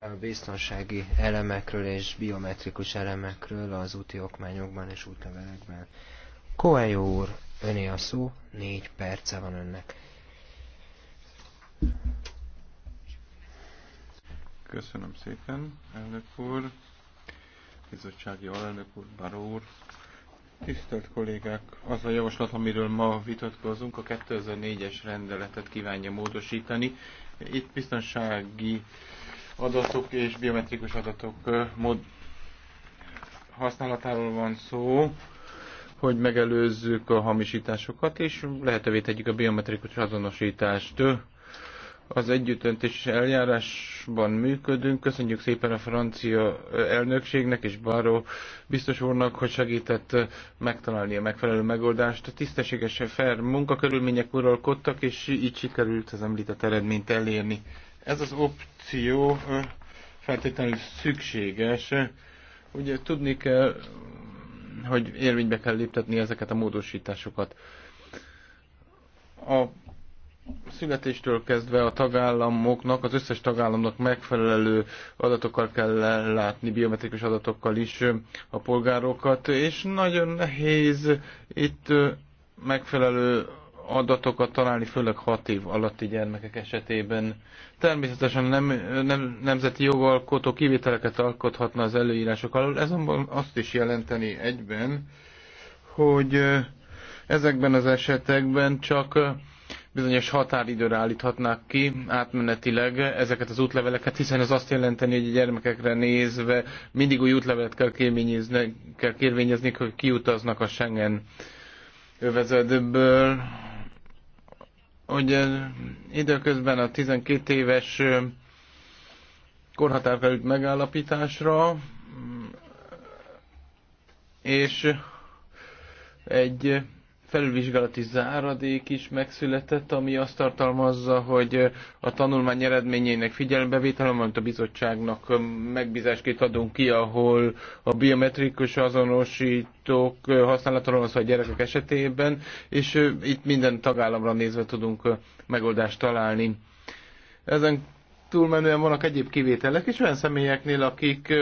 A biztonsági elemekről és biometrikus elemekről az úti okmányokban és útlevelekben. Koelyó úr, öné a szó, négy perce van önnek. Köszönöm szépen, elnök úr, bizottsági alelnök úr, Baró úr, Tisztelt kollégák! Az a javaslat, amiről ma vitatkozunk, a 2004-es rendeletet kívánja módosítani. Itt biztonsági adatok és biometrikus adatok mód használatáról van szó, hogy megelőzzük a hamisításokat, és lehetővé tegyük a biometrikus azonosítást. Az együttöntés eljárásban működünk. Köszönjük szépen a francia elnökségnek és Baró biztos úrnak, hogy segített megtalálni a megfelelő megoldást. A Tisztességes, fair munkakörülmények uralkodtak, és így sikerült az említett eredményt elérni. Ez az opció feltétlenül szükséges. Ugye tudni kell, hogy érvénybe kell léptetni ezeket a módosításokat. A születéstől kezdve a tagállamoknak, az összes tagállamnak megfelelő adatokkal kell látni, biometrikus adatokkal is a polgárokat, és nagyon nehéz itt megfelelő adatokat találni, főleg 6 év alatti gyermekek esetében. Természetesen nem, nem, nemzeti jogalkotó kivételeket alkothatna az előírások alól, ez azt is jelenteni egyben, hogy ezekben az esetekben csak bizonyos határidőre állíthatnák ki átmenetileg ezeket az útleveleket, hiszen ez azt jelenteni, hogy a gyermekekre nézve mindig új útlevelet kell, kell kérvényezni, hogy kiutaznak a Schengen övezetből, Ugye időközben a 12 éves korhatár került megállapításra, mm, és egy felülvizsgálati záradék is megszületett, ami azt tartalmazza, hogy a tanulmány eredményének figyelembevétel amit a bizottságnak megbízásként adunk ki, ahol a biometrikus azonosítók használatáról van szó a gyerekek esetében, és itt minden tagállamra nézve tudunk megoldást találni. Ezen túlmenően vannak egyéb kivételek is olyan személyeknél, akik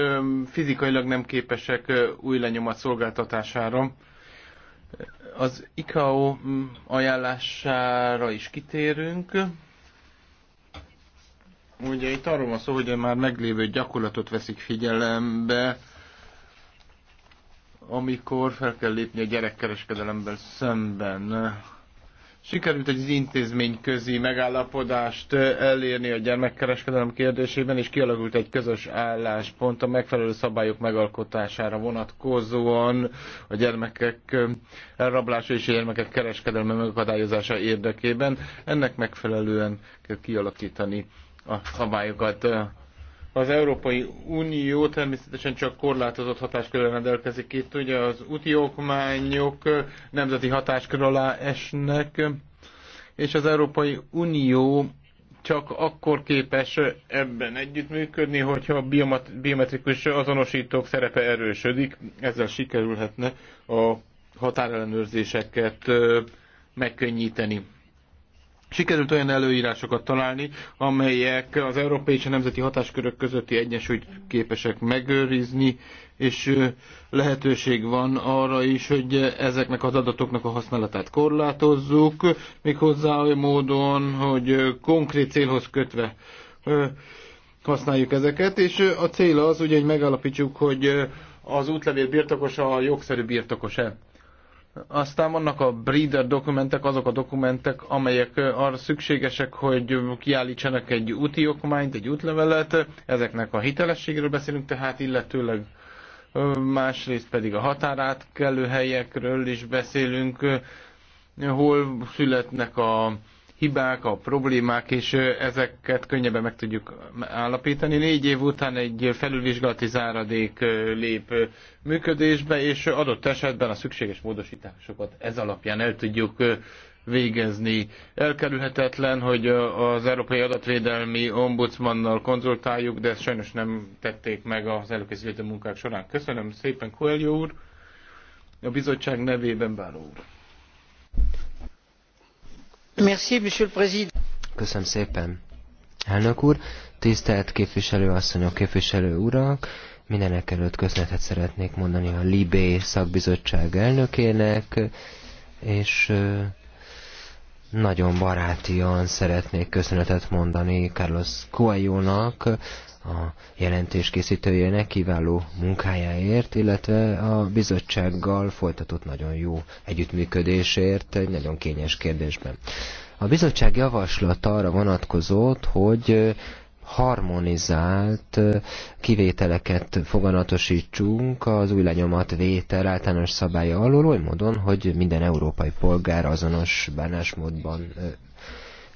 fizikailag nem képesek új lenyomat szolgáltatására az ICAO mm, ajánlására is kitérünk. Ugye itt arról van szó, hogy már meglévő gyakorlatot veszik figyelembe, amikor fel kell lépni a gyerekkereskedelemben szemben. Sikerült egy intézményközi megállapodást elérni a gyermekkereskedelem kérdésében, és kialakult egy közös álláspont a megfelelő szabályok megalkotására vonatkozóan a gyermekek elrablása és a gyermekek kereskedelme megakadályozása érdekében. Ennek megfelelően kell kialakítani a szabályokat az Európai Unió természetesen csak korlátozott hatáskörrel rendelkezik itt, ugye az úti okmányok nemzeti hatáskör alá esnek, és az Európai Unió csak akkor képes ebben együttműködni, hogyha a biometrikus azonosítók szerepe erősödik, ezzel sikerülhetne a határellenőrzéseket megkönnyíteni. Sikerült olyan előírásokat találni, amelyek az európai és a nemzeti hatáskörök közötti egyensúlyt képesek megőrizni, és lehetőség van arra is, hogy ezeknek az adatoknak a használatát korlátozzuk, méghozzá olyan módon, hogy konkrét célhoz kötve használjuk ezeket, és a cél az, ugye, hogy megállapítsuk, hogy az útlevél birtokosa a jogszerű birtokos-e. Aztán vannak a breeder dokumentek, azok a dokumentek, amelyek arra szükségesek, hogy kiállítsanak egy úti okmányt, egy útlevelet. Ezeknek a hitelességről beszélünk, tehát illetőleg másrészt pedig a határátkelő helyekről is beszélünk, hol születnek a hibák, a problémák, és ezeket könnyebben meg tudjuk állapítani. Négy év után egy felülvizsgálati záradék lép működésbe, és adott esetben a szükséges módosításokat ez alapján el tudjuk végezni. Elkerülhetetlen, hogy az Európai Adatvédelmi Ombudsmannal konzultáljuk, de ezt sajnos nem tették meg az előkészítő munkák során. Köszönöm szépen, Coelho úr! A bizottság nevében Báró úr. Köszönöm szépen. Elnök úr, tisztelt képviselő asszonyok, képviselő urak, mindenek előtt köszönetet szeretnék mondani a Libé szakbizottság elnökének, és nagyon barátian szeretnék köszönetet mondani Carlos Coelho-nak, a jelentés készítőjének kiváló munkájáért, illetve a bizottsággal folytatott nagyon jó együttműködésért egy nagyon kényes kérdésben. A bizottság javaslata arra vonatkozott, hogy harmonizált kivételeket foganatosítsunk az új lenyomat vétel általános szabálya alól, oly módon, hogy minden európai polgár azonos bánásmódban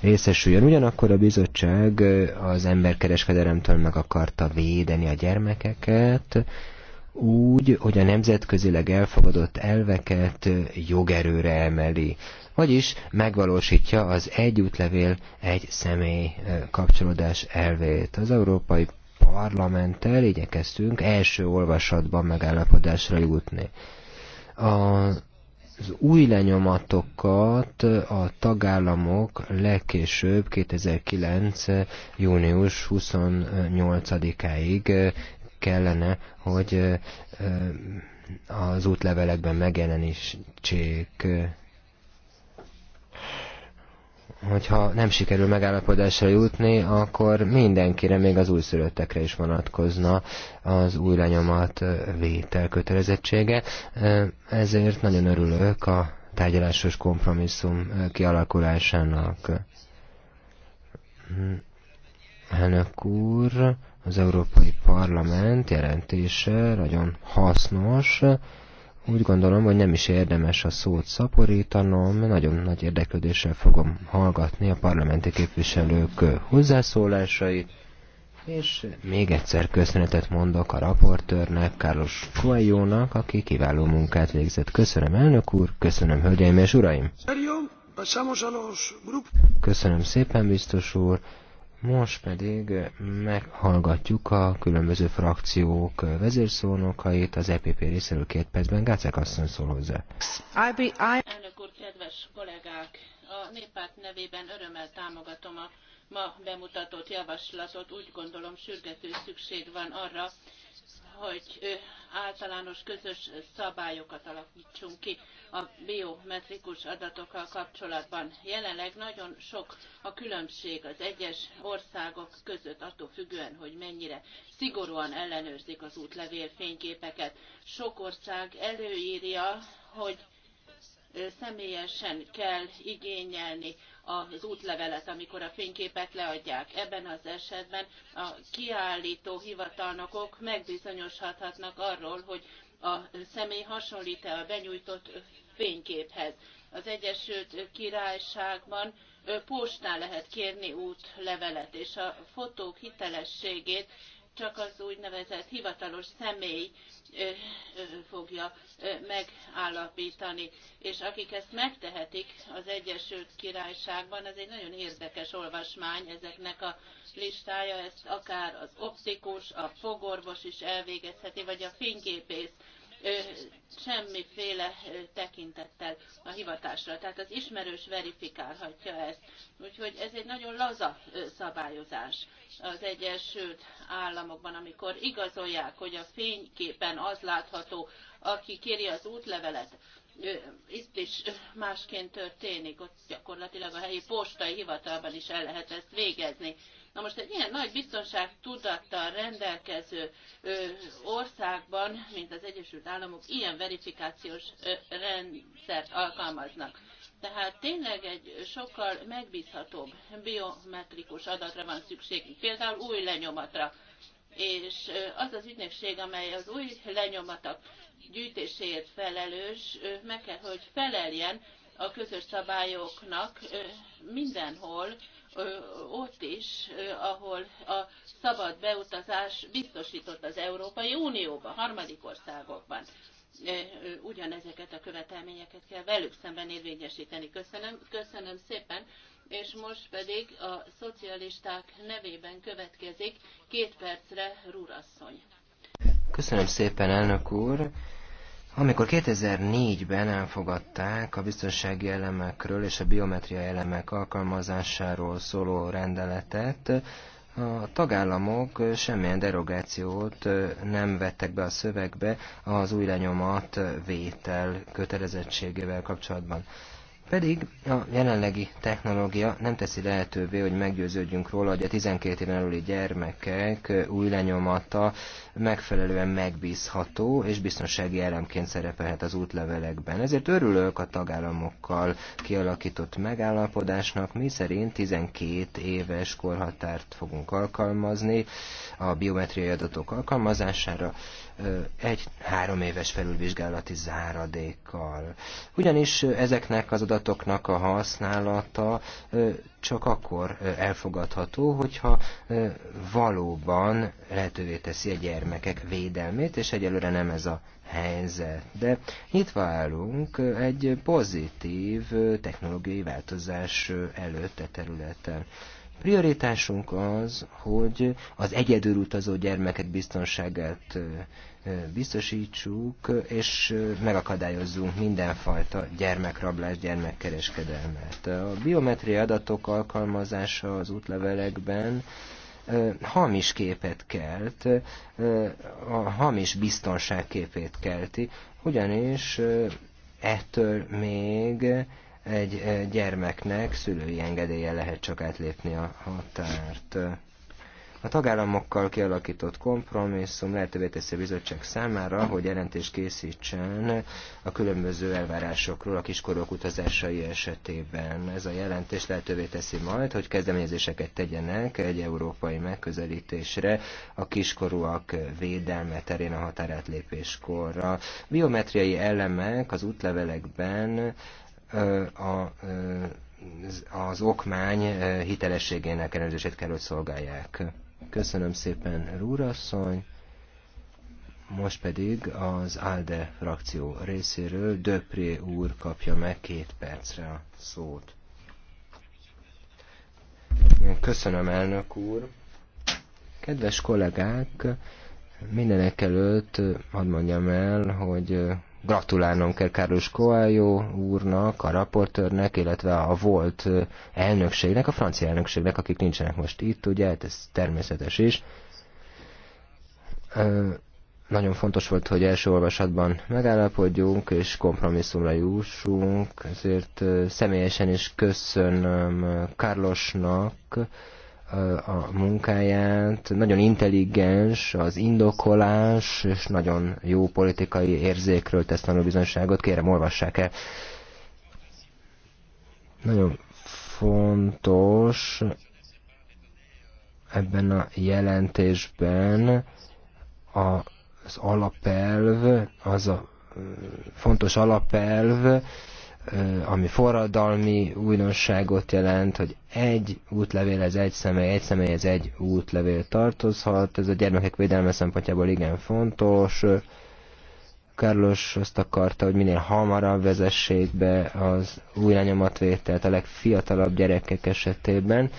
részesüljön. Ugyanakkor a bizottság az emberkereskedelemtől meg akarta védeni a gyermekeket, úgy, hogy a nemzetközileg elfogadott elveket jogerőre emeli vagyis megvalósítja az egy útlevél, egy személy kapcsolódás elvét. Az Európai Parlamenttel igyekeztünk első olvasatban megállapodásra jutni. A az új lenyomatokat a tagállamok legkésőbb 2009. június 28-áig kellene, hogy az útlevelekben megjelenítsék hogyha nem sikerül megállapodásra jutni, akkor mindenkire, még az újszülöttekre is vonatkozna az új lenyomat vétel kötelezettsége. Ezért nagyon örülök a tárgyalásos kompromisszum kialakulásának. Hm, elnök úr, az Európai Parlament jelentése nagyon hasznos, úgy gondolom, hogy nem is érdemes a szót szaporítanom, nagyon nagy érdeklődéssel fogom hallgatni a parlamenti képviselők hozzászólásait, és még egyszer köszönetet mondok a raportőrnek, Carlos Coelho-nak, aki kiváló munkát végzett. Köszönöm, elnök úr, köszönöm, hölgyeim és uraim! Köszönöm szépen, biztos úr! Most pedig meghallgatjuk a különböző frakciók vezérszónokait, az EPP részéről két percben. Gácek asszony szól hozzá. Elnök úr, kedves kollégák! A néppárt nevében örömmel támogatom a ma bemutatott javaslatot. Úgy gondolom sürgető szükség van arra, hogy általános közös szabályokat alakítsunk ki a biometrikus adatokkal kapcsolatban. Jelenleg nagyon sok a különbség az egyes országok között, attól függően, hogy mennyire szigorúan ellenőrzik az útlevél fényképeket. Sok ország előírja, hogy személyesen kell igényelni az útlevelet, amikor a fényképet leadják. Ebben az esetben a kiállító hivatalnokok megbizonyosodhatnak arról, hogy a személy hasonlít-e a benyújtott fényképhez. Az Egyesült Királyságban postán lehet kérni útlevelet, és a fotók hitelességét csak az úgynevezett hivatalos személy fogja megállapítani. És akik ezt megtehetik az Egyesült Királyságban, ez egy nagyon érdekes olvasmány ezeknek a listája, ezt akár az optikus, a fogorvos is elvégezheti, vagy a fényképész semmiféle tekintettel a hivatásra. Tehát az ismerős verifikálhatja ezt. Úgyhogy ez egy nagyon laza szabályozás az Egyesült Államokban, amikor igazolják, hogy a fényképen az látható, aki kéri az útlevelet, itt is másként történik, ott gyakorlatilag a helyi postai hivatalban is el lehet ezt végezni. Na most egy ilyen nagy biztonság tudattal rendelkező ö, országban, mint az Egyesült Államok, ilyen verifikációs ö, rendszert alkalmaznak. Tehát tényleg egy sokkal megbízhatóbb biometrikus adatra van szükség, például új lenyomatra. És az az ügynökség, amely az új lenyomatok gyűjtéséért felelős, meg kell, hogy feleljen a közös szabályoknak mindenhol, ott is, ahol a szabad beutazás biztosított az Európai Unióban, harmadik országokban. Ugyanezeket a követelményeket kell velük szemben érvényesíteni. Köszönöm, köszönöm szépen, és most pedig a szocialisták nevében következik két percre Rúrasszony. Köszönöm szépen, elnök úr! Amikor 2004-ben elfogadták a biztonsági elemekről és a biometria elemek alkalmazásáról szóló rendeletet, a tagállamok semmilyen derogációt nem vettek be a szövegbe az új lenyomat vétel kötelezettségével kapcsolatban. Pedig a jelenlegi technológia nem teszi lehetővé, hogy meggyőződjünk róla, hogy a 12 éven aluli gyermekek új lenyomata megfelelően megbízható és biztonsági elemként szerepelhet az útlevelekben. Ezért örülök a tagállamokkal kialakított megállapodásnak, mi szerint 12 éves korhatárt fogunk alkalmazni a biometriai adatok alkalmazására, egy három éves felülvizsgálati záradékkal. Ugyanis ezeknek az adat adatoknak a használata csak akkor elfogadható, hogyha valóban lehetővé teszi a gyermekek védelmét, és egyelőre nem ez a helyzet. De itt állunk egy pozitív technológiai változás előtt a e területen. Prioritásunk az, hogy az egyedül utazó gyermekek biztonságát biztosítsuk, és megakadályozzunk mindenfajta gyermekrablás, gyermekkereskedelmet. A biometria adatok alkalmazása az útlevelekben hamis képet kelt, a hamis biztonság képét kelti, ugyanis ettől még egy gyermeknek szülői engedélye lehet csak átlépni a határt. A tagállamokkal kialakított kompromisszum lehetővé teszi a bizottság számára, hogy jelentést készítsen a különböző elvárásokról a kiskorúak utazásai esetében. Ez a jelentés lehetővé teszi majd, hogy kezdeményezéseket tegyenek egy európai megközelítésre a kiskorúak védelme terén a határátlépéskor. A biometriai elemek az útlevelekben a az okmány hitelességének ellenőrzését kell, hogy szolgálják. Köszönöm szépen, Rúrasszony. Most pedig az ALDE frakció részéről Döpré úr kapja meg két percre a szót. Köszönöm, elnök úr. Kedves kollégák, mindenek előtt hadd mondjam el, hogy Gratulálnom kell Carlos Coelho úrnak, a raportőrnek, illetve a volt elnökségnek, a francia elnökségnek, akik nincsenek most itt, ugye, hát ez természetes is. Nagyon fontos volt, hogy első olvasatban megállapodjunk és kompromisszumra jussunk, ezért személyesen is köszönöm Carlosnak, a munkáját, nagyon intelligens az indokolás, és nagyon jó politikai érzékről tesz tanulbizonyságot. Kérem, olvassák el. Nagyon fontos ebben a jelentésben az alapelv, az a fontos alapelv, ami forradalmi újdonságot jelent, hogy egy útlevél ez egy személy, egy személyhez egy útlevél tartozhat. Ez a gyermekek védelme szempontjából igen fontos. Carlos azt akarta, hogy minél hamarabb vezessék be az új lenyomatvételt a legfiatalabb gyerekek esetében,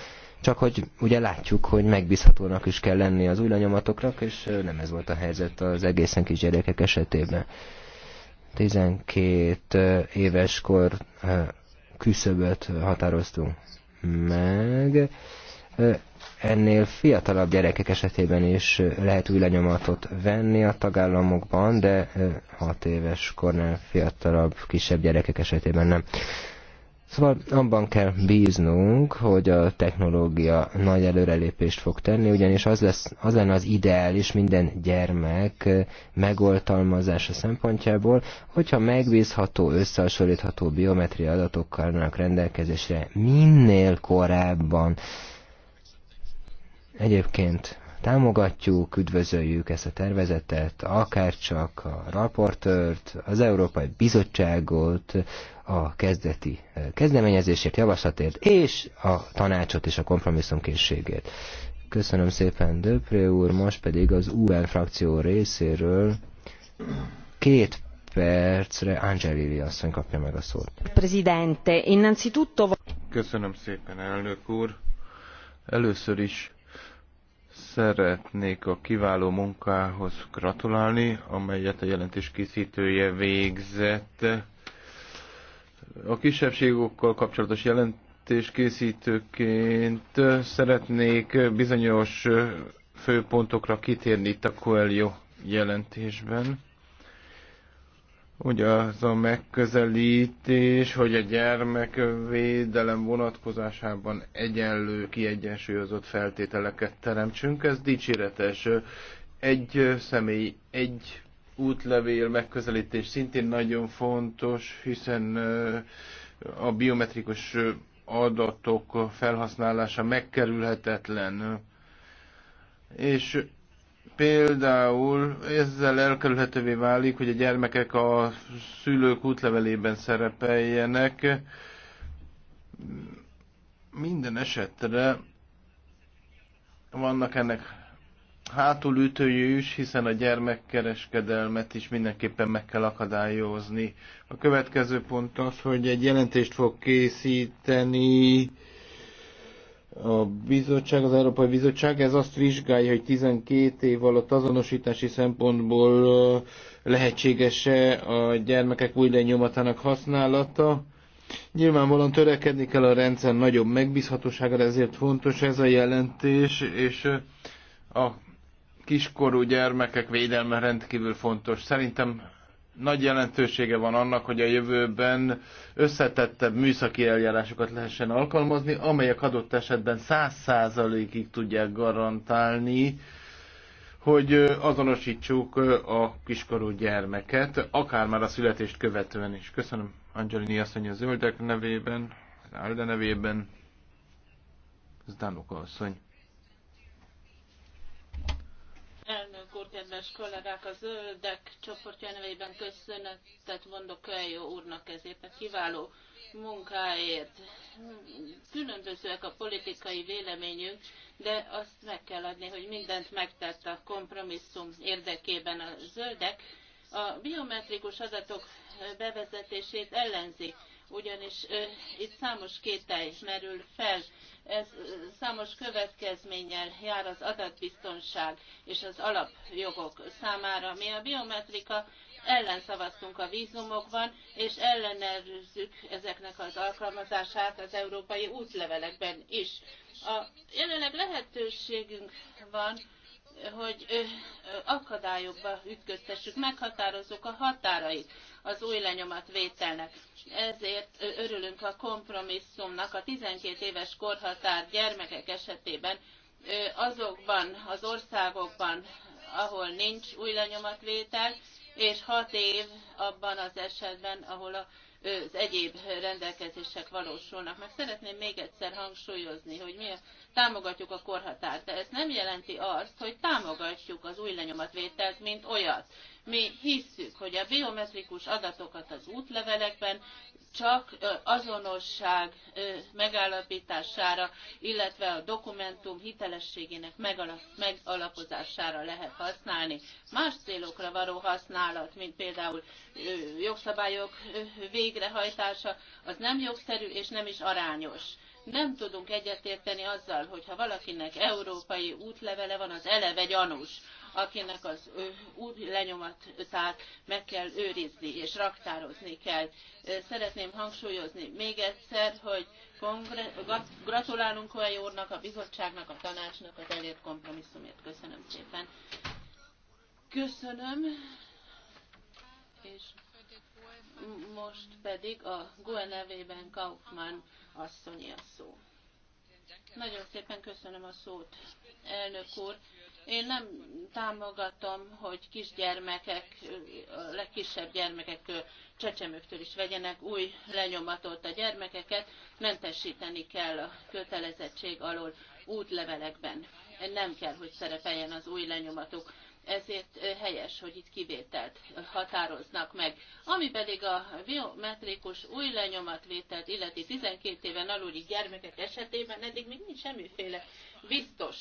csak hogy ugye látjuk, hogy megbízhatónak is kell lenni az új lenyomatoknak, és nem ez volt a helyzet az egészen kis gyerekek esetében. 12 éves kor küszöböt határoztunk meg. Ennél fiatalabb gyerekek esetében is lehet új lenyomatot venni a tagállamokban, de 6 éves kornál fiatalabb, kisebb gyerekek esetében nem. Szóval abban kell bíznunk, hogy a technológia nagy előrelépést fog tenni, ugyanis az, lesz, az lenne az ideális minden gyermek eh, megoltalmazása szempontjából, hogyha megbízható, összehasonlítható biometria adatokkal állnak rendelkezésre minél korábban. Egyébként támogatjuk, üdvözöljük ezt a tervezetet, akár csak a raportört, az Európai Bizottságot, a kezdeti kezdeményezésért, javaslatért, és a tanácsot és a kompromisszumkészségét. Köszönöm szépen Döpré úr, most pedig az UN frakció részéről két percre Angelili asszony kapja meg a szót. Presidente, innanzitutto... Köszönöm szépen, elnök úr. Először is szeretnék a kiváló munkához gratulálni, amelyet a jelentés készítője végzett a kisebbségokkal kapcsolatos jelentés készítőként szeretnék bizonyos főpontokra kitérni itt a Coelho jelentésben. Ugye az a megközelítés, hogy a gyermekvédelem vonatkozásában egyenlő, kiegyensúlyozott feltételeket teremtsünk, ez dicséretes. Egy személy, egy útlevél megközelítés szintén nagyon fontos, hiszen a biometrikus adatok felhasználása megkerülhetetlen. És például ezzel elkerülhetővé válik, hogy a gyermekek a szülők útlevelében szerepeljenek. Minden esetre vannak ennek hátulütőjű is, hiszen a gyermekkereskedelmet is mindenképpen meg kell akadályozni. A következő pont az, hogy egy jelentést fog készíteni a bizottság, az Európai Bizottság, ez azt vizsgálja, hogy 12 év alatt azonosítási szempontból lehetséges-e a gyermekek új lenyomatának használata. Nyilvánvalóan törekedni kell a rendszer nagyobb megbízhatóságra, ezért fontos ez a jelentés, és a kiskorú gyermekek védelme rendkívül fontos. Szerintem nagy jelentősége van annak, hogy a jövőben összetettebb műszaki eljárásokat lehessen alkalmazni, amelyek adott esetben száz százalékig tudják garantálni, hogy azonosítsuk a kiskorú gyermeket, akár már a születést követően is. Köszönöm Angelini asszony a zöldek nevében, az Alde nevében, Zdanuka asszony. Kedves kollégák, a zöldek csoportja nevében köszönetet mondok Kölyó úrnak ezért a kiváló munkáért. Különbözőek a politikai véleményünk, de azt meg kell adni, hogy mindent megtett a kompromisszum érdekében a zöldek. A biometrikus adatok bevezetését ellenzi ugyanis itt számos kétel merül fel, ez számos következménnyel jár az adatbiztonság és az alapjogok számára. Mi a biometrika ellen szavaztunk a vízumokban, és ellenezzük ezeknek az alkalmazását az európai útlevelekben is. A jelenleg lehetőségünk van, hogy akadályokba ütköztessük, meghatározzuk a határait az új vételnek. Ezért örülünk a kompromisszumnak a 12 éves korhatár gyermekek esetében azokban az országokban, ahol nincs új lenyomatvétel, és 6 év abban az esetben, ahol a az egyéb rendelkezések valósulnak. Meg szeretném még egyszer hangsúlyozni, hogy mi támogatjuk a korhatárt, de ez nem jelenti azt, hogy támogatjuk az új lenyomatvételt, mint olyat. Mi hisszük, hogy a biometrikus adatokat az útlevelekben csak azonosság megállapítására, illetve a dokumentum hitelességének megalapozására lehet használni. Más célokra való használat, mint például jogszabályok végrehajtása, az nem jogszerű és nem is arányos. Nem tudunk egyetérteni azzal, hogyha valakinek európai útlevele van, az eleve gyanús akinek az új lenyomatát meg kell őrizni és raktározni kell. Szeretném hangsúlyozni még egyszer, hogy gratulálunk Koei úrnak, a bizottságnak, a tanácsnak az elért kompromisszumért. Köszönöm szépen. Köszönöm. És most pedig a GUE nevében Kaufmann asszonyi a szó. Nagyon szépen köszönöm a szót, elnök úr. Én nem támogatom, hogy kisgyermekek, a legkisebb gyermekek csecsemőktől is vegyenek új lenyomatot a gyermekeket, mentesíteni kell a kötelezettség alól útlevelekben. Nem kell, hogy szerepeljen az új lenyomatuk ezért helyes, hogy itt kivételt határoznak meg. Ami pedig a biometrikus új lenyomatvételt illeti 12 éven aluli gyermekek esetében eddig még nincs semmiféle biztos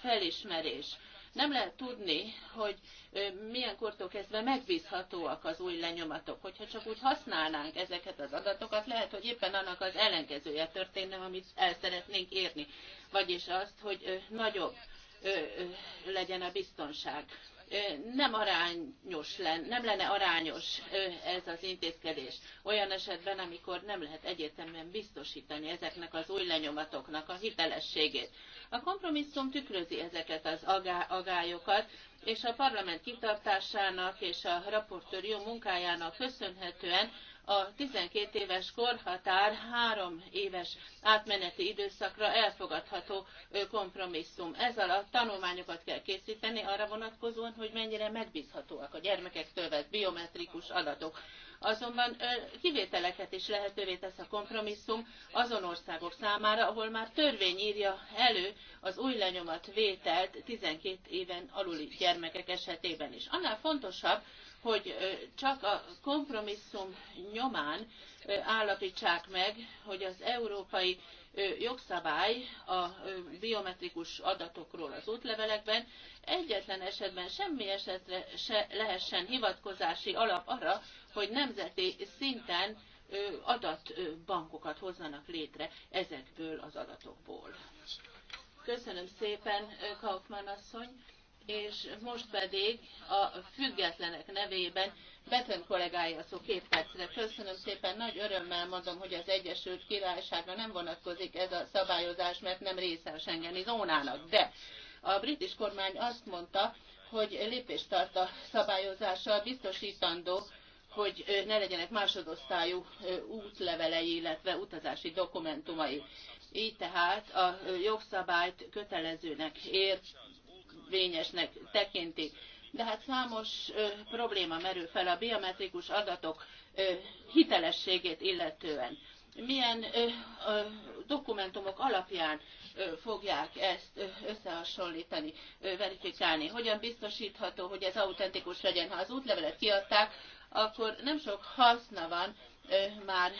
felismerés. Nem lehet tudni, hogy milyen kortól kezdve megbízhatóak az új lenyomatok. Hogyha csak úgy használnánk ezeket az adatokat, lehet, hogy éppen annak az ellenkezője történne, amit el szeretnénk érni. Vagyis azt, hogy nagyobb legyen a biztonság. Nem arányos lenne, nem lenne arányos ez az intézkedés olyan esetben, amikor nem lehet egyértelműen biztosítani ezeknek az új lenyomatoknak a hitelességét. A kompromisszum tükrözi ezeket az agályokat, és a parlament kitartásának és a raportőr jó munkájának köszönhetően a 12 éves korhatár három éves átmeneti időszakra elfogadható kompromisszum. Ezalatt alatt tanulmányokat kell készíteni arra vonatkozóan, hogy mennyire megbízhatóak a gyermekektől vett biometrikus adatok. Azonban kivételeket is lehetővé tesz a kompromisszum azon országok számára, ahol már törvény írja elő az új lenyomat vételt 12 éven aluli gyermekek esetében is. Annál fontosabb, hogy csak a kompromisszum nyomán állapítsák meg, hogy az európai jogszabály a biometrikus adatokról az útlevelekben egyetlen esetben semmi esetre se lehessen hivatkozási alap arra, hogy nemzeti szinten adatbankokat hozzanak létre ezekből az adatokból. Köszönöm szépen, Kaufmann asszony és most pedig a függetlenek nevében beton kollégája szó két percre. Köszönöm szépen, nagy örömmel mondom, hogy az Egyesült Királyságra nem vonatkozik ez a szabályozás, mert nem része a Schengeni zónának. De a brit kormány azt mondta, hogy lépést tart a szabályozással, biztosítandó, hogy ne legyenek másodosztályú útlevelei, illetve utazási dokumentumai. Így tehát a jogszabályt kötelezőnek ért érvényesnek tekintik. De hát számos ö, probléma merül fel a biometrikus adatok ö, hitelességét illetően. Milyen ö, ö, dokumentumok alapján fogják ezt összehasonlítani, verifikálni. Hogyan biztosítható, hogy ez autentikus legyen? Ha az útlevelet kiadták, akkor nem sok haszna van már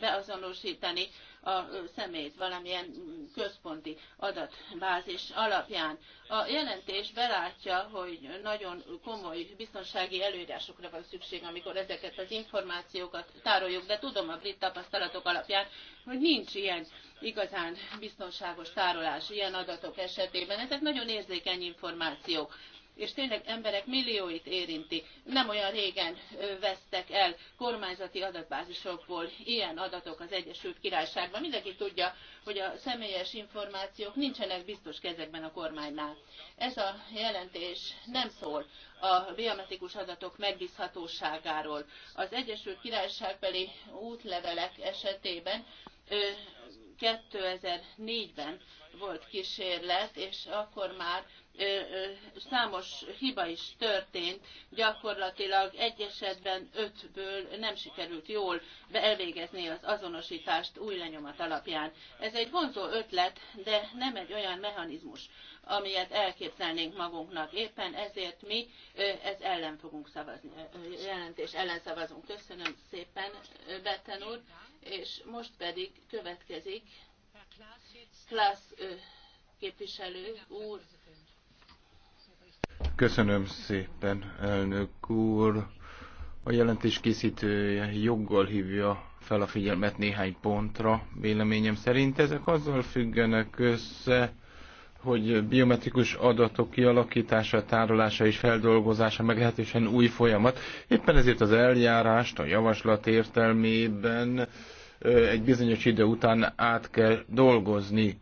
beazonosítani a szemét valamilyen központi adatbázis alapján. A jelentés belátja, hogy nagyon komoly biztonsági előírásokra van szükség, amikor ezeket az információkat tároljuk, de tudom a brit tapasztalatok alapján, hogy nincs ilyen igazán biztonságos tárolás ilyen adatok esetében. Ezek nagyon érzékeny információk és tényleg emberek millióit érinti. Nem olyan régen vesztek el kormányzati adatbázisokból ilyen adatok az Egyesült Királyságban. Mindenki tudja, hogy a személyes információk nincsenek biztos kezekben a kormánynál. Ez a jelentés nem szól a biometrikus adatok megbízhatóságáról. Az Egyesült Királyságbeli útlevelek esetében 2004-ben volt kísérlet, és akkor már számos hiba is történt, gyakorlatilag egy esetben ötből nem sikerült jól elvégezni az azonosítást új lenyomat alapján. Ez egy vonzó ötlet, de nem egy olyan mechanizmus, amilyet elképzelnénk magunknak. Éppen ezért mi ez ellen fogunk szavazni, jelentés ellen szavazunk. Köszönöm szépen, Betten úr, és most pedig következik Klász képviselő úr. Köszönöm szépen, elnök úr. A jelentés készítője joggal hívja fel a figyelmet néhány pontra, véleményem szerint. Ezek azzal függenek össze, hogy biometrikus adatok kialakítása, tárolása és feldolgozása meglehetősen új folyamat. Éppen ezért az eljárást a javaslat értelmében egy bizonyos idő után át kell dolgozni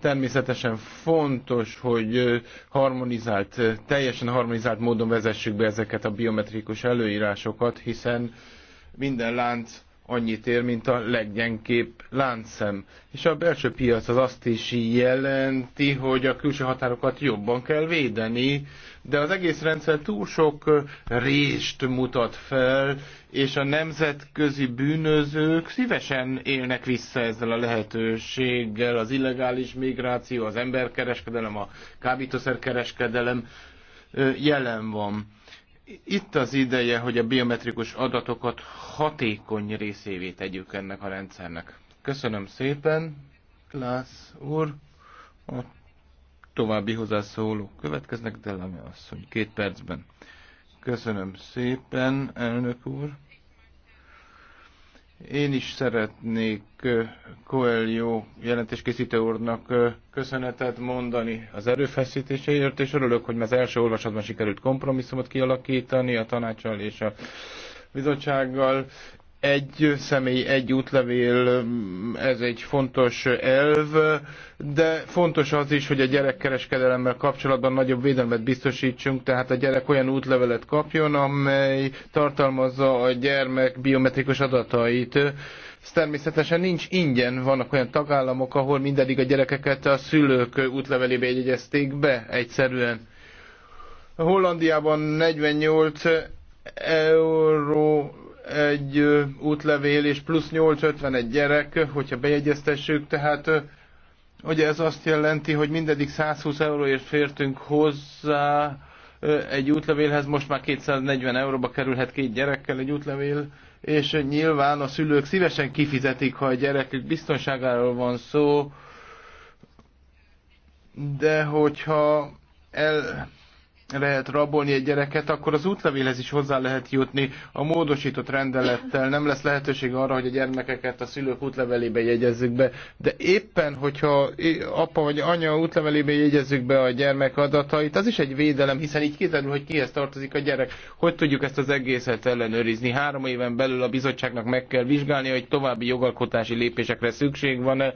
Természetesen fontos, hogy harmonizált, teljesen harmonizált módon vezessük be ezeket a biometrikus előírásokat, hiszen minden lánc annyit ér, mint a leggyengébb láncszem. És a belső piac az azt is jelenti, hogy a külső határokat jobban kell védeni, de az egész rendszer túl sok részt mutat fel, és a nemzetközi bűnözők szívesen élnek vissza ezzel a lehetőséggel, az illegális migráció, az emberkereskedelem, a kábítószerkereskedelem jelen van itt az ideje, hogy a biometrikus adatokat hatékony részévé tegyük ennek a rendszernek. Köszönöm szépen, Klász úr. A további hozzászólók következnek, de Lami asszony, két percben. Köszönöm szépen, elnök úr. Én is szeretnék Coelho jelentéskészítő úrnak köszönetet mondani az erőfeszítéseért, és örülök, hogy az első olvasatban sikerült kompromisszumot kialakítani a tanácsal és a bizottsággal, egy személy, egy útlevél, ez egy fontos elv, de fontos az is, hogy a gyerekkereskedelemmel kapcsolatban nagyobb védelmet biztosítsunk, tehát a gyerek olyan útlevelet kapjon, amely tartalmazza a gyermek biometrikus adatait. Ez természetesen nincs ingyen, vannak olyan tagállamok, ahol mindedig a gyerekeket a szülők útlevelébe jegyezték be egyszerűen. Hollandiában 48 euró egy útlevél, és plusz 851 gyerek, hogyha bejegyeztessük, tehát ugye ez azt jelenti, hogy mindedig 120 euróért fértünk hozzá egy útlevélhez, most már 240 euróba kerülhet két gyerekkel egy útlevél, és nyilván a szülők szívesen kifizetik, ha a gyerekük biztonságáról van szó, de hogyha el, lehet rabolni egy gyereket, akkor az útlevélhez is hozzá lehet jutni. A módosított rendelettel nem lesz lehetőség arra, hogy a gyermekeket a szülők útlevelébe jegyezzük be. De éppen, hogyha apa vagy anya útlevelébe jegyezzük be a gyermek adatait, az is egy védelem, hiszen így kiderül, hogy kihez tartozik a gyerek. Hogy tudjuk ezt az egészet ellenőrizni? Három éven belül a bizottságnak meg kell vizsgálni, hogy további jogalkotási lépésekre szükség van-e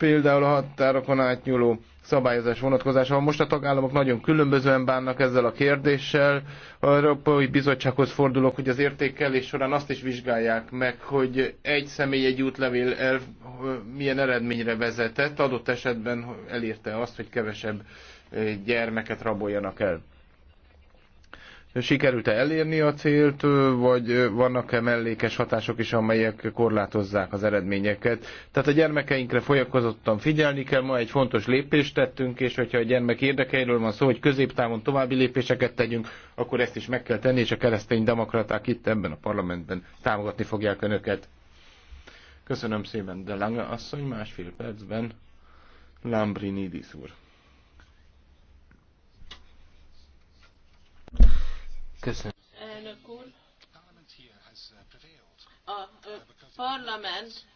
például a határokon átnyúló szabályozás vonatkozása, Most a tagállamok nagyon különbözően bánnak ezzel a kérdéssel. A Európai Bizottsághoz fordulok, hogy az értékelés során azt is vizsgálják meg, hogy egy személy egy útlevél el, milyen eredményre vezetett, adott esetben elérte azt, hogy kevesebb gyermeket raboljanak el. Sikerült-e elérni a célt, vagy vannak-e mellékes hatások is, amelyek korlátozzák az eredményeket? Tehát a gyermekeinkre folyakozottan figyelni kell, ma egy fontos lépést tettünk, és hogyha a gyermek érdekeiről van szó, hogy középtávon további lépéseket tegyünk, akkor ezt is meg kell tenni, és a keresztény demokraták itt ebben a parlamentben támogatni fogják önöket. Köszönöm szépen, de Lange asszony másfél percben Lambrinidis úr. Köszönöm. Elnök úr. A parlament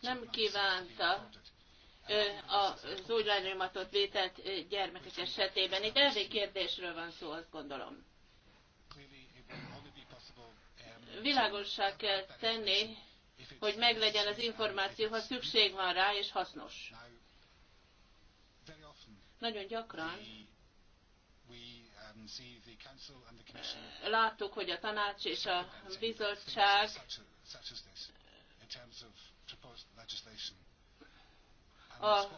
nem kívánta az úgy lenyomatot vételt gyermekek esetében. Itt elvi kérdésről van szó, azt gondolom. Világossá kell tenni, hogy meglegyen az információ, ha szükség van rá, és hasznos. Nagyon gyakran Láttuk, hogy a tanács és a bizottság a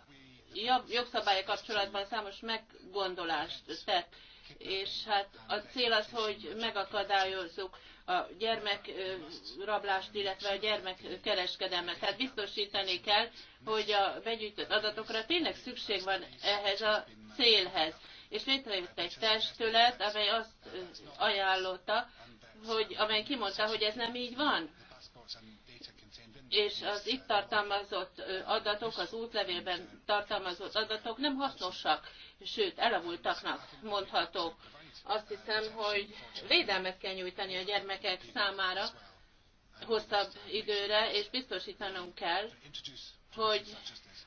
jogszabályok kapcsolatban számos meggondolást tett, és hát a cél az, hogy megakadályozzuk a gyermekrablást, illetve a gyermekkereskedelmet. Tehát biztosítani kell, hogy a begyűjtött adatokra tényleg szükség van ehhez a célhez és létrejött egy testület, amely azt ajánlotta, hogy, amely kimondta, hogy ez nem így van és az itt tartalmazott adatok, az útlevélben tartalmazott adatok nem hasznosak, sőt, elavultaknak mondhatók. Azt hiszem, hogy védelmet kell nyújtani a gyermekek számára hosszabb időre, és biztosítanunk kell, hogy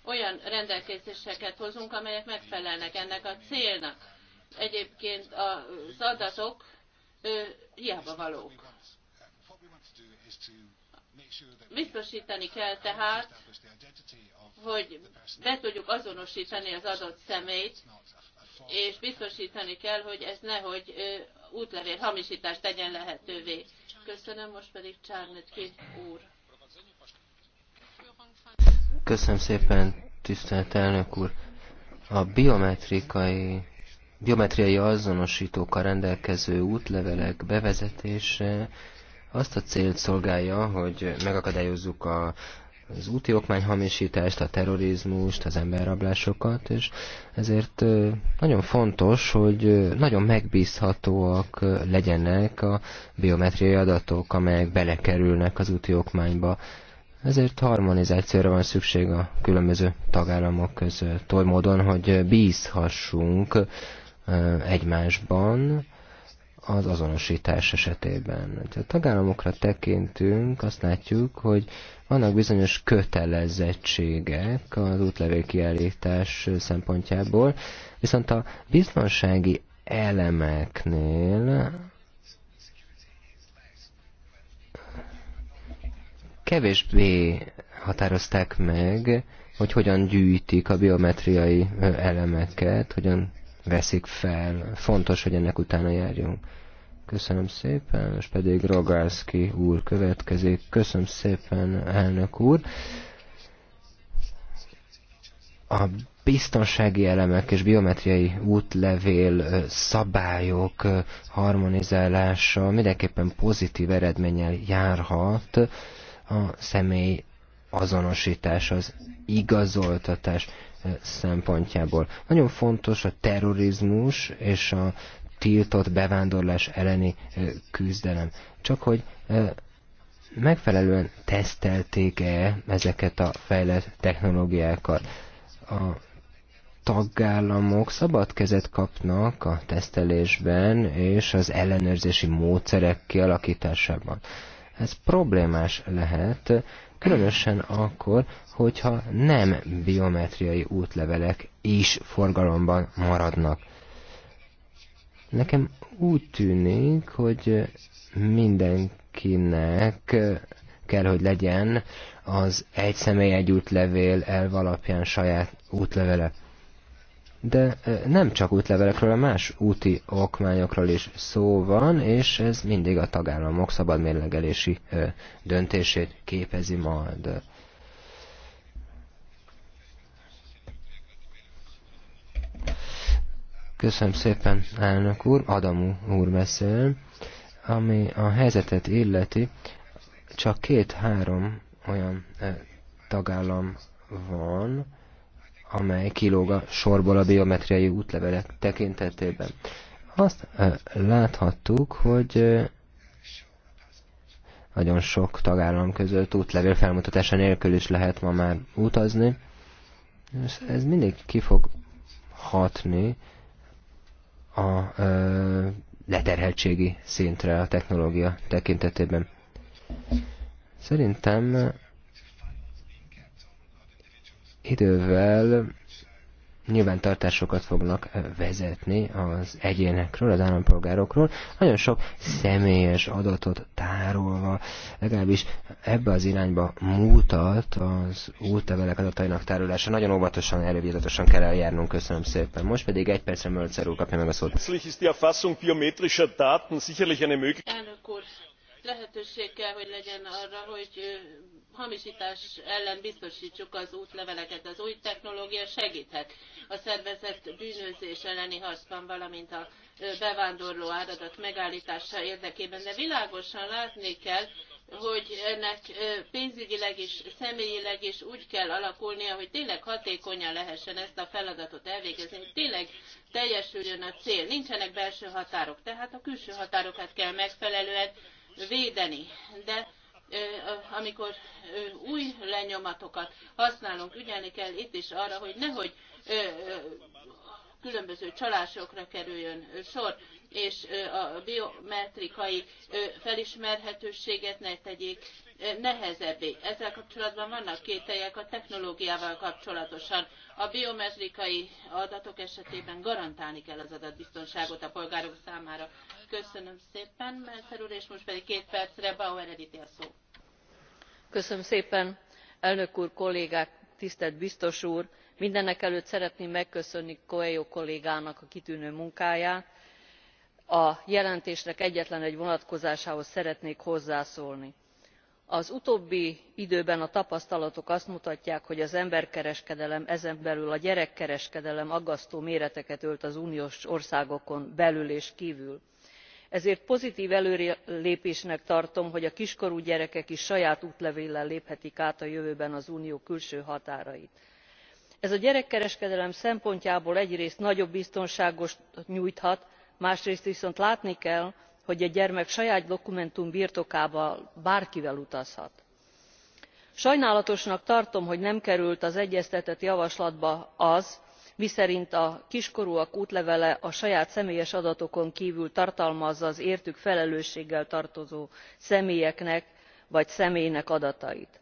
olyan rendelkezéseket hozunk, amelyek megfelelnek ennek a célnak. Egyébként az adatok ő, hiába valók. Biztosítani kell tehát, hogy be tudjuk azonosítani az adott személyt, és biztosítani kell, hogy ez nehogy útlevél hamisítást tegyen lehetővé. Köszönöm, most pedig Csárnötki úr. Köszönöm szépen, tisztelt elnök úr. A biometrikai, biometriai azonosítókkal rendelkező útlevelek bevezetése azt a célt szolgálja, hogy megakadályozzuk a, az úti okmányhamisítást, a terrorizmust, az emberrablásokat, és ezért nagyon fontos, hogy nagyon megbízhatóak legyenek a biometriai adatok, amelyek belekerülnek az úti okmányba. Ezért harmonizációra van szükség a különböző tagállamok között, oly módon, hogy bízhassunk egymásban az azonosítás esetében. Ha a tagállamokra tekintünk, azt látjuk, hogy vannak bizonyos kötelezettségek az útlevélkiállítás szempontjából, viszont a biztonsági elemeknél kevésbé határozták meg, hogy hogyan gyűjtik a biometriai elemeket, hogyan veszik fel. Fontos, hogy ennek utána járjunk. Köszönöm szépen, és pedig Rogalski úr következik. Köszönöm szépen, elnök úr. A biztonsági elemek és biometriai útlevél szabályok harmonizálása mindenképpen pozitív eredménnyel járhat a személy azonosítás, az igazoltatás eh, szempontjából. Nagyon fontos a terrorizmus és a tiltott bevándorlás elleni eh, küzdelem. Csak hogy eh, megfelelően tesztelték-e ezeket a fejlett technológiákat? A tagállamok szabad kezet kapnak a tesztelésben és az ellenőrzési módszerek kialakításában. Ez problémás lehet, különösen akkor, hogyha nem biometriai útlevelek is forgalomban maradnak. Nekem úgy tűnik, hogy mindenkinek kell, hogy legyen az egy személy egy útlevél elvalapján saját útlevele de nem csak útlevelekről, a más úti okmányokról is szó van, és ez mindig a tagállamok szabadmérlegelési döntését képezi majd. Köszönöm szépen, elnök úr, Adamú úr beszél, ami a helyzetet illeti, csak két-három olyan tagállam van, amely kilóg a sorból a biometriai útlevelek tekintetében. Azt láthattuk, hogy nagyon sok tagállam között útlevél felmutatása nélkül is lehet ma már utazni. És ez mindig ki fog hatni a ö, leterheltségi szintre a technológia tekintetében. Szerintem Idővel nyilván tartásokat fognak vezetni az egyénekről, az állampolgárokról, nagyon sok személyes adatot tárolva, legalábbis ebbe az irányba mutat az útlevelek adatainak tárolása. Nagyon óvatosan, elővizetosan kell eljárnunk. Köszönöm szépen. Most pedig egy percre Mölcer úr kapja meg a szót. Elnök úr, lehetőség kell, hogy legyen arra, hogy hamisítás ellen biztosítsuk az útleveleket. Az új technológia segíthet a szervezett bűnözés elleni harcban, valamint a bevándorló áradat megállítása érdekében, de világosan látni kell, hogy ennek pénzügyileg is, személyileg is úgy kell alakulnia, hogy tényleg hatékonyan lehessen ezt a feladatot elvégezni, hogy tényleg teljesüljön a cél. Nincsenek belső határok, tehát a külső határokat kell megfelelően védeni. De amikor új lenyomatokat használunk, ügyelni kell itt is arra, hogy nehogy különböző csalásokra kerüljön sor, és a biometrikai felismerhetőséget ne tegyék nehezebbé. Ezzel kapcsolatban vannak kételyek a technológiával kapcsolatosan. A biometrikai adatok esetében garantálni kell az adatbiztonságot a polgárok számára. Köszönöm szépen, Melszer úr, és most pedig két percre Bauer Editi a szó. Köszönöm szépen, elnök úr, kollégák, tisztelt biztos úr! mindenekelőtt szeretném megköszönni coelho kollégának a kitűnő munkáját. a jelentésnek egyetlenegy vonatkozásához szeretnék hozzászólni. az utóbbi időben a tapasztalatok azt mutatják hogy az emberkereskedelem ezen belül a gyerekkereskedelem aggasztó méreteket ölt az uniós országokon belül és kvül ezért pozitv előrelépésnek tartom hogy a kiskorú gyerekek is saját útlevéllel léphetik át a jövőben az unió külső határait. ez a gyerekkereskedelem szempontjából egyrészt nagyobb biztonságot nyújthat másrészt viszont látni kell hogy a gyermek saját dokumentum birtokában bárkivel utazhat. sajnálatosnak tartom hogy nem került az egyeztetett javaslatba az miszerint a kiskorúak útlevele a saját személyes adatokon kvül tartalmazza az értük felelősséggel tartozó személyeknek vagy személynek adatait.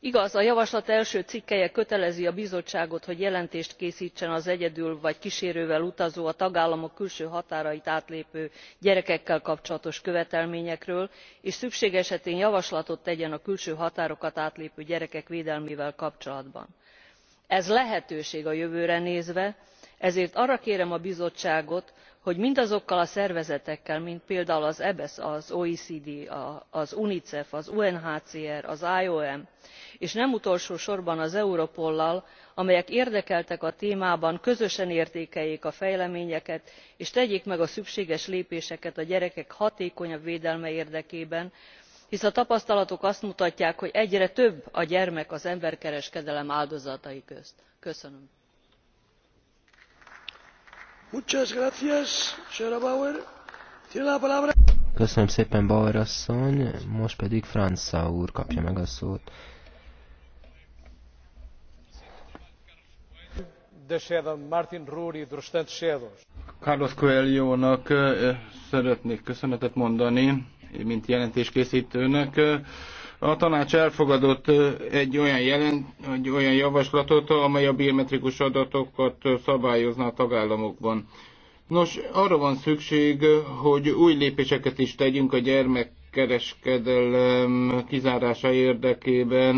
igaz a javaslat első cikkelye kötelezi a bizottságot hogy jelentést késztsen az egyedül vagy ksérővel utazó a tagállamok külső határait átlépő gyerekekkel kapcsolatos követelményekről és szükség esetén javaslatot tegyen a külső határokat átlépő gyerekek védelmével kapcsolatban ez lehetőség a jövőre nézve ezért arra kérem a bizottságot hogy mindazokkal a szervezetekkel mint például az ebesz az oecd az unicef az unhcr az iom és nem utolsó sorban az lal amelyek érdekeltek a témában közösen értékeljék a fejleményeket és tegyék meg a szükséges lépéseket a gyerekek hatékonyabb védelme érdekében hisz a tapasztalatok azt mutatják hogy egyre több a gyermek az emberkereskedelem áldozatai közt. köszönöm. Köszönöm szépen, Bauer Most pedig kapja meg a szót. Carlos coelho eh, szeretnék köszönetet mondani mint jelentéskészítőnek. A tanács elfogadott egy olyan, jelent, egy olyan javaslatot, amely a biometrikus adatokat szabályozna a tagállamokban. Nos, arra van szükség, hogy új lépéseket is tegyünk a gyermekkereskedelem kizárása érdekében,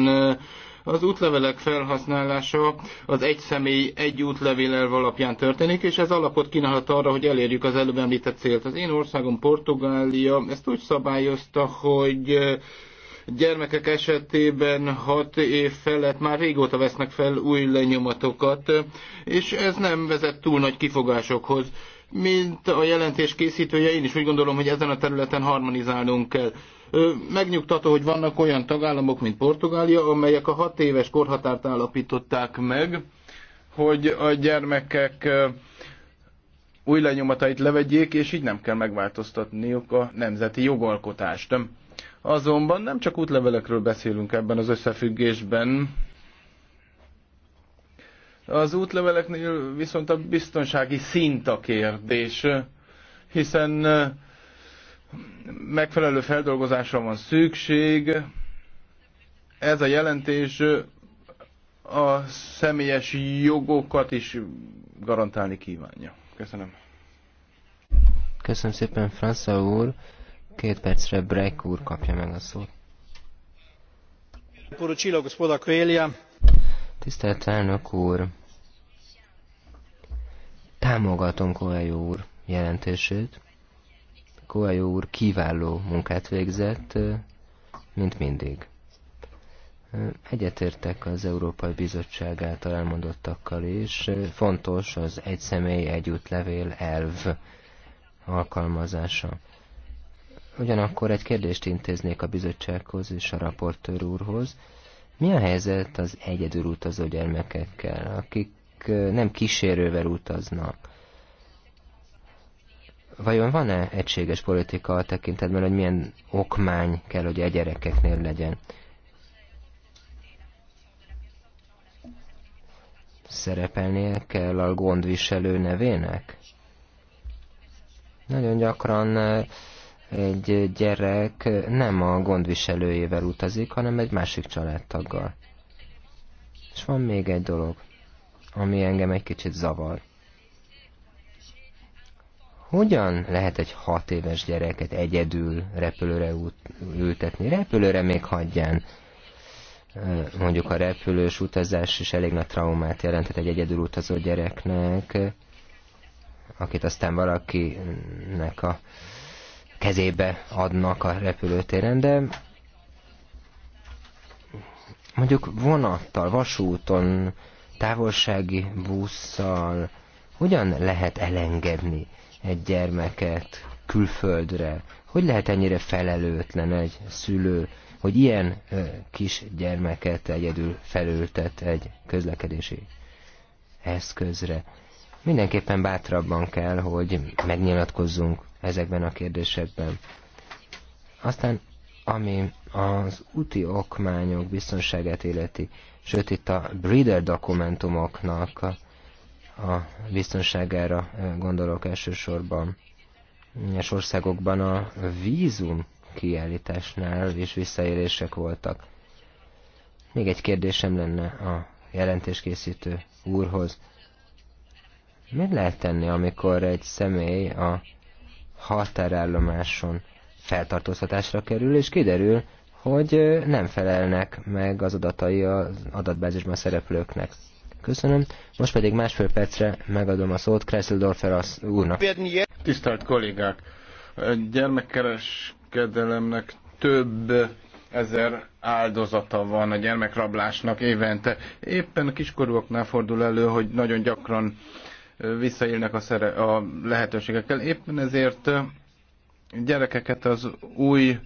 az útlevelek felhasználása az egy személy egy útlevél alapján történik, és ez alapot kínálhat arra, hogy elérjük az előbb említett célt. Az én országom Portugália ezt úgy szabályozta, hogy gyermekek esetében hat év felett már régóta vesznek fel új lenyomatokat, és ez nem vezet túl nagy kifogásokhoz. Mint a jelentés készítője, én is úgy gondolom, hogy ezen a területen harmonizálnunk kell. Megnyugtató, hogy vannak olyan tagállamok, mint Portugália, amelyek a hat éves korhatárt állapították meg, hogy a gyermekek új lenyomatait levegyék, és így nem kell megváltoztatniuk a nemzeti jogalkotást. Azonban nem csak útlevelekről beszélünk ebben az összefüggésben. Az útleveleknél viszont a biztonsági szint a kérdés, hiszen megfelelő feldolgozásra van szükség. Ez a jelentés a személyes jogokat is garantálni kívánja. Köszönöm. Köszönöm szépen, Fransza úr. Két percre Breck úr kapja meg a szót. Tisztelt elnök úr! Támogatom Koelyó úr jelentését. Koajó úr kiváló munkát végzett, mint mindig. Egyetértek az Európai Bizottság által elmondottakkal is. Fontos az egy személy együtt levél elv alkalmazása. Ugyanakkor egy kérdést intéznék a bizottsághoz és a raportőr úrhoz. Mi a helyzet az egyedül utazó gyermekekkel, akik nem kísérővel utaznak? Vajon van-e egységes politika a tekintetben, hogy milyen okmány kell, hogy a gyerekeknél legyen? Szerepelnie kell a gondviselő nevének? Nagyon gyakran eh, egy gyerek nem a gondviselőjével utazik, hanem egy másik családtaggal. És van még egy dolog, ami engem egy kicsit zavar. Hogyan lehet egy hat éves gyereket egyedül repülőre ültetni? Repülőre még hagyján mondjuk a repülős utazás is elég nagy traumát jelentett egy egyedül utazó gyereknek, akit aztán valakinek a kezébe adnak a repülőtéren, de mondjuk vonattal, vasúton, távolsági busszal hogyan lehet elengedni egy gyermeket külföldre. Hogy lehet ennyire felelőtlen egy szülő, hogy ilyen kis gyermeket egyedül felültet egy közlekedési eszközre? Mindenképpen bátrabban kell, hogy megnyilatkozzunk ezekben a kérdésekben. Aztán, ami az úti okmányok biztonságát életi, sőt itt a breeder dokumentumoknak a a biztonságára gondolok elsősorban. Egyes országokban a vízum kiállításnál is visszaélések voltak. Még egy kérdésem lenne a jelentéskészítő úrhoz. Mit lehet tenni, amikor egy személy a határállomáson feltartóztatásra kerül, és kiderül, hogy nem felelnek meg az adatai az adatbázisban szereplőknek? Köszönöm. Most pedig másfél percre megadom a szót Kresseldorfer úrnak. Tisztelt kollégák! Gyermekkereskedelemnek több ezer áldozata van a gyermekrablásnak évente. Éppen a kiskorúaknál fordul elő, hogy nagyon gyakran visszaélnek a, szere, a lehetőségekkel. Éppen ezért gyerekeket az új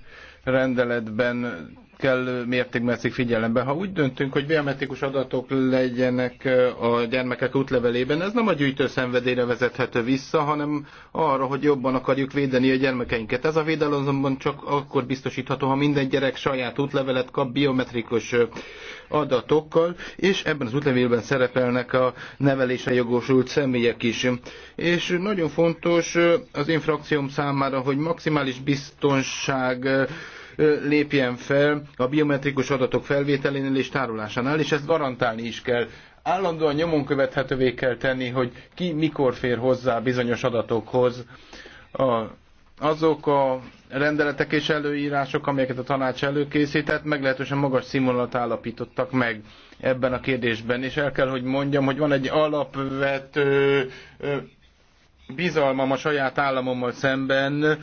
rendeletben kellő mértékben veszik figyelembe. Ha úgy döntünk, hogy biometrikus adatok legyenek a gyermekek útlevelében, ez nem a gyűjtő szenvedélyre vezethető vissza, hanem arra, hogy jobban akarjuk védeni a gyermekeinket. Ez a védelem azonban csak akkor biztosítható, ha minden gyerek saját útlevelet kap biometrikus adatokkal, és ebben az útlevélben szerepelnek a nevelésre jogosult személyek is. És nagyon fontos az infrakcióm számára, hogy maximális biztonság lépjen fel a biometrikus adatok felvételénél és tárolásánál, és ezt garantálni is kell. Állandóan nyomon követhetővé kell tenni, hogy ki mikor fér hozzá bizonyos adatokhoz. A, azok a rendeletek és előírások, amelyeket a tanács előkészített, meglehetősen magas színvonalat állapítottak meg ebben a kérdésben, és el kell, hogy mondjam, hogy van egy alapvető bizalmam a saját államommal szemben,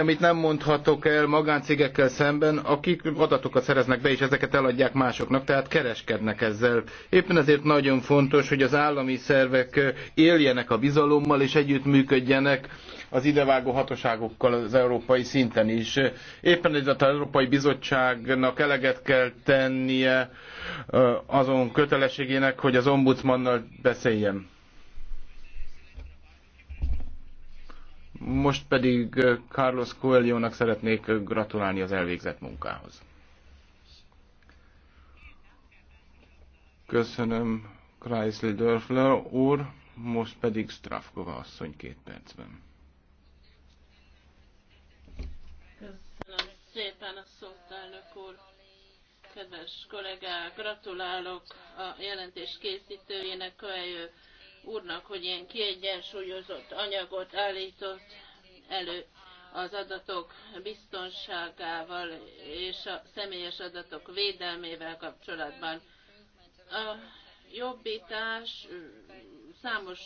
amit nem mondhatok el magáncégekkel szemben, akik adatokat szereznek be, és ezeket eladják másoknak, tehát kereskednek ezzel. Éppen ezért nagyon fontos, hogy az állami szervek éljenek a bizalommal, és együttműködjenek az idevágó hatóságokkal az európai szinten is. Éppen ezért az Európai Bizottságnak eleget kell tennie azon kötelességének, hogy az ombudsmannal beszéljen. Most pedig Carlos Coelho-nak szeretnék gratulálni az elvégzett munkához. Köszönöm Kreisli Dörfler úr, most pedig Strafkova asszony két percben. Köszönöm szépen a szót, elnök úr. Kedves kollégák, gratulálok a jelentés készítőjének, Coelho úrnak, hogy ilyen kiegyensúlyozott anyagot állított elő az adatok biztonságával és a személyes adatok védelmével kapcsolatban. A jobbítás számos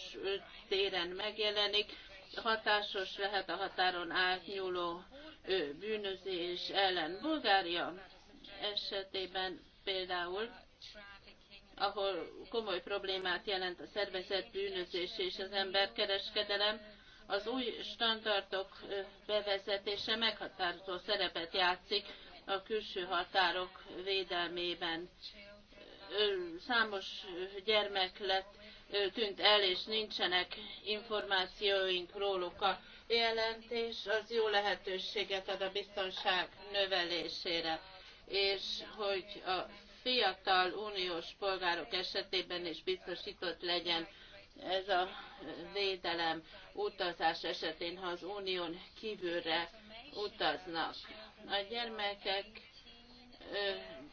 téren megjelenik, hatásos lehet a határon átnyúló bűnözés ellen. Bulgária esetében például ahol komoly problémát jelent a szervezett bűnözés és az emberkereskedelem, az új standardok bevezetése meghatározó szerepet játszik a külső határok védelmében. Számos gyermek lett tűnt el, és nincsenek információink róluk. A jelentés az jó lehetőséget ad a biztonság növelésére, és hogy a fiatal uniós polgárok esetében is biztosított legyen ez a védelem utazás esetén, ha az unión kívülre utaznak. A gyermekek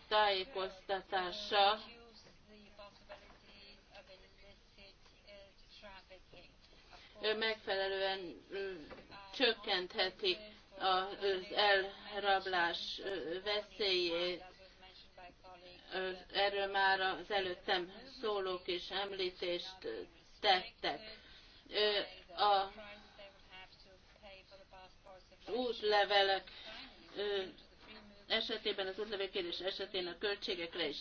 tájékoztatása megfelelően csökkentheti az elrablás veszélyét, erről már az előttem szólók is említést tettek. A útlevelek esetében, az útlevélkérés esetén a költségekre is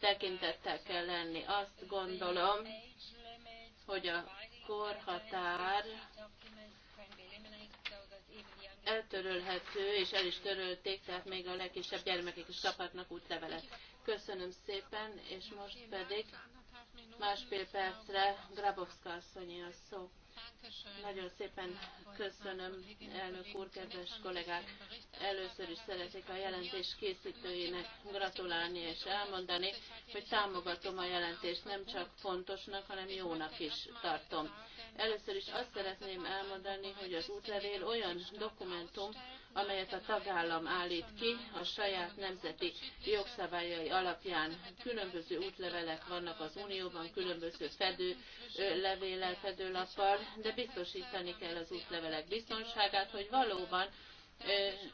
tekintettel kell lenni. Azt gondolom, hogy a korhatár eltörölhető, és el is törölték, tehát még a legkisebb gyermekek is kaphatnak útlevelet. Köszönöm szépen, és most pedig másfél percre Grabowska asszonyi a szó. Nagyon szépen köszönöm, elnök úr, kedves kollégák! Először is szeretnék a jelentés készítőjének gratulálni és elmondani, hogy támogatom a jelentést, nem csak fontosnak, hanem jónak is tartom. Először is azt szeretném elmondani, hogy az útlevél olyan dokumentum, amelyet a tagállam állít ki a saját nemzeti jogszabályai alapján. Különböző útlevelek vannak az Unióban, különböző fedő levéllel, fedőlappal, de biztosítani kell az útlevelek biztonságát, hogy valóban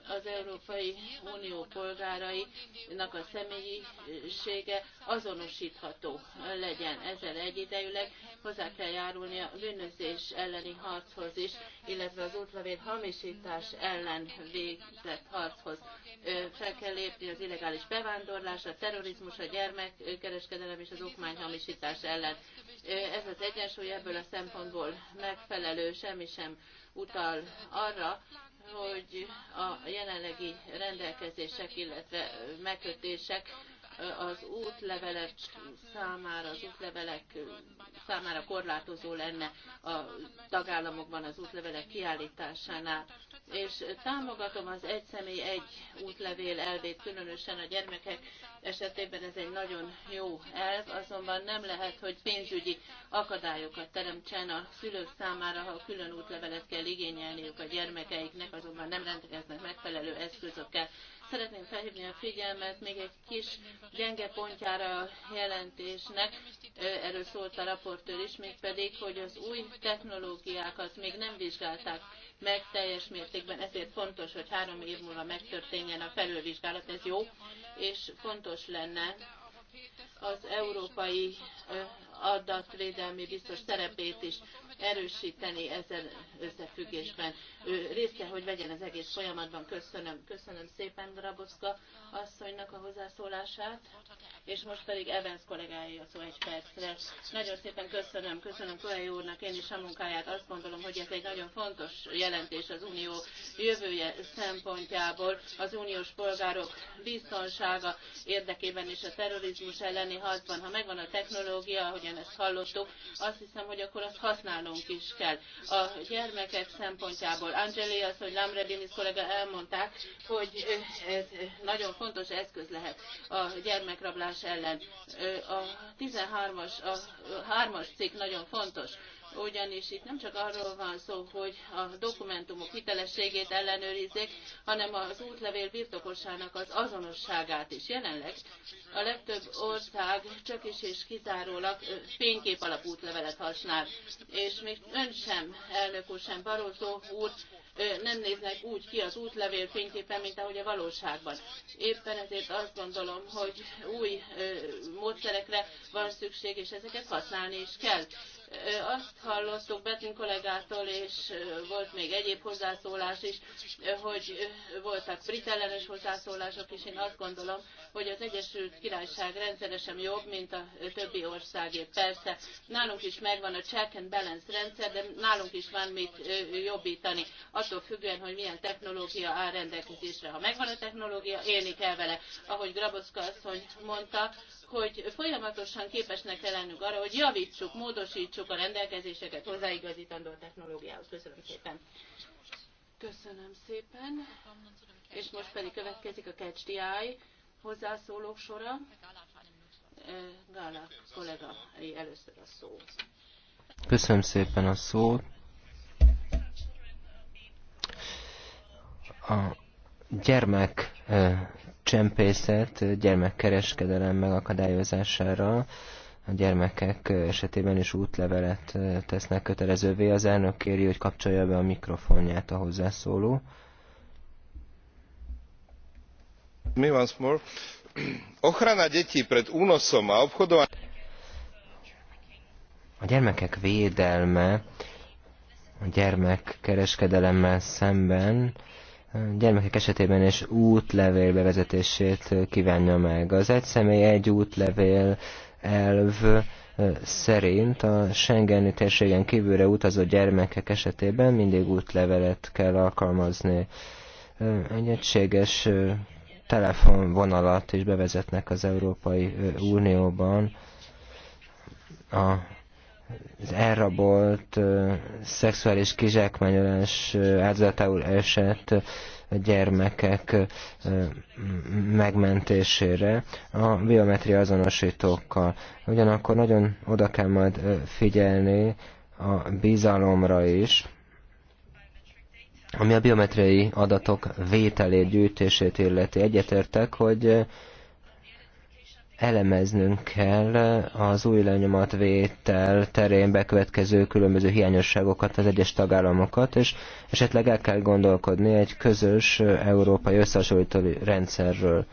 az Európai Unió polgárainak a személyisége azonosítható legyen ezzel egyidejűleg. Hozzá kell járulni a bűnözés elleni harchoz is, illetve az útlevél hamisítás ellen végzett harchoz. Fel kell lépni az illegális bevándorlás, a terrorizmus, a gyermekkereskedelem és az okmányhamisítás ellen. Ez az egyensúly ebből a szempontból megfelelő, semmi sem utal arra, hogy a jelenlegi rendelkezések, illetve megkötések az útlevelek számára, az útlevelek számára korlátozó lenne a tagállamokban az útlevelek kiállításánál. És támogatom az egy személy egy útlevél elvét, különösen a gyermekek esetében ez egy nagyon jó elv, azonban nem lehet, hogy pénzügyi akadályokat teremtsen a szülők számára, ha külön útlevelet kell igényelniük a gyermekeiknek, azonban nem rendelkeznek megfelelő eszközökkel Szeretném felhívni a figyelmet még egy kis gyenge pontjára a jelentésnek, erről szólt a raportőr is, mégpedig, hogy az új technológiákat még nem vizsgálták meg teljes mértékben, ezért fontos, hogy három év múlva megtörténjen a felülvizsgálat, ez jó, és fontos lenne az európai adatvédelmi biztos szerepét is erősíteni ezen összefüggésben. Ő részt kell, hogy vegyen az egész folyamatban. Köszönöm, köszönöm szépen Draboszka asszonynak a hozzászólását, és most pedig Evans kollégája a szó egy percre. Nagyon szépen köszönöm, köszönöm Kolei úrnak én is a munkáját. Azt gondolom, hogy ez egy nagyon fontos jelentés az Unió jövője szempontjából. Az uniós polgárok biztonsága érdekében és a terrorizmus elleni harcban, ha megvan a technológia, hogy ahogyan ezt hallottuk, azt hiszem, hogy akkor azt használnunk is kell. A gyermekek szempontjából Angeli, az, hogy Lamredinis kollega elmondták, hogy ez nagyon fontos eszköz lehet a gyermekrablás ellen. A 13-as, a 3-as cikk nagyon fontos, ugyanis itt nem csak arról van szó, hogy a dokumentumok hitelességét ellenőrizzék, hanem az útlevél birtokosának az azonosságát is. Jelenleg a legtöbb ország csak is és kizárólag fénykép alapú útlevelet használ, és még ön sem, elnök úr sem, Barroso úr nem néznek úgy ki az útlevél fényképen, mint ahogy a valóságban. Éppen ezért azt gondolom, hogy új módszerekre van szükség, és ezeket használni is kell. Azt hallottuk Betin kollégától, és volt még egyéb hozzászólás is, hogy voltak brit ellenes hozzászólások, és én azt gondolom, hogy az Egyesült Királyság rendszeresen jobb, mint a többi országé. Persze, nálunk is megvan a check and balance rendszer, de nálunk is van mit jobbítani, attól függően, hogy milyen technológia áll rendelkezésre. Ha megvan a technológia, élni kell vele. Ahogy Grabocka asszony mondta, hogy folyamatosan képesnek kell lennünk arra, hogy javítsuk, módosítsuk, módosítsuk a rendelkezéseket hozzáigazítandó a technológiához. Köszönöm szépen. Köszönöm szépen. És most pedig következik a Catch the Eye hozzászólók sora. Eh, Gála kollega először a szó. Köszönöm szépen a szót. A gyermek eh, csempészet, gyermekkereskedelem megakadályozására a gyermekek esetében is útlevelet tesznek kötelezővé. Az elnök kéri, hogy kapcsolja be a mikrofonját a hozzászóló. Mi once more. Ochrana detí pred únosom a obchodovan. A gyermekek védelme a gyermek kereskedelemmel szemben gyermekek esetében is útlevél bevezetését kívánja meg. Az egy személy egy útlevél elv szerint a Schengeni térségen kívülre utazó gyermekek esetében mindig útlevelet kell alkalmazni. Egy egységes telefonvonalat is bevezetnek az Európai Unióban. A az elrabolt, szexuális kizsákmányolás áldozatául esett gyermekek megmentésére a biometria azonosítókkal. Ugyanakkor nagyon oda kell majd figyelni a bizalomra is, ami a biometriai adatok vételét, gyűjtését illeti. Egyetértek, hogy elemeznünk kell az új lenyomatvétel terén bekövetkező különböző hiányosságokat, az egyes tagállamokat, és esetleg el kell gondolkodni egy közös európai összehasonlító rendszerről.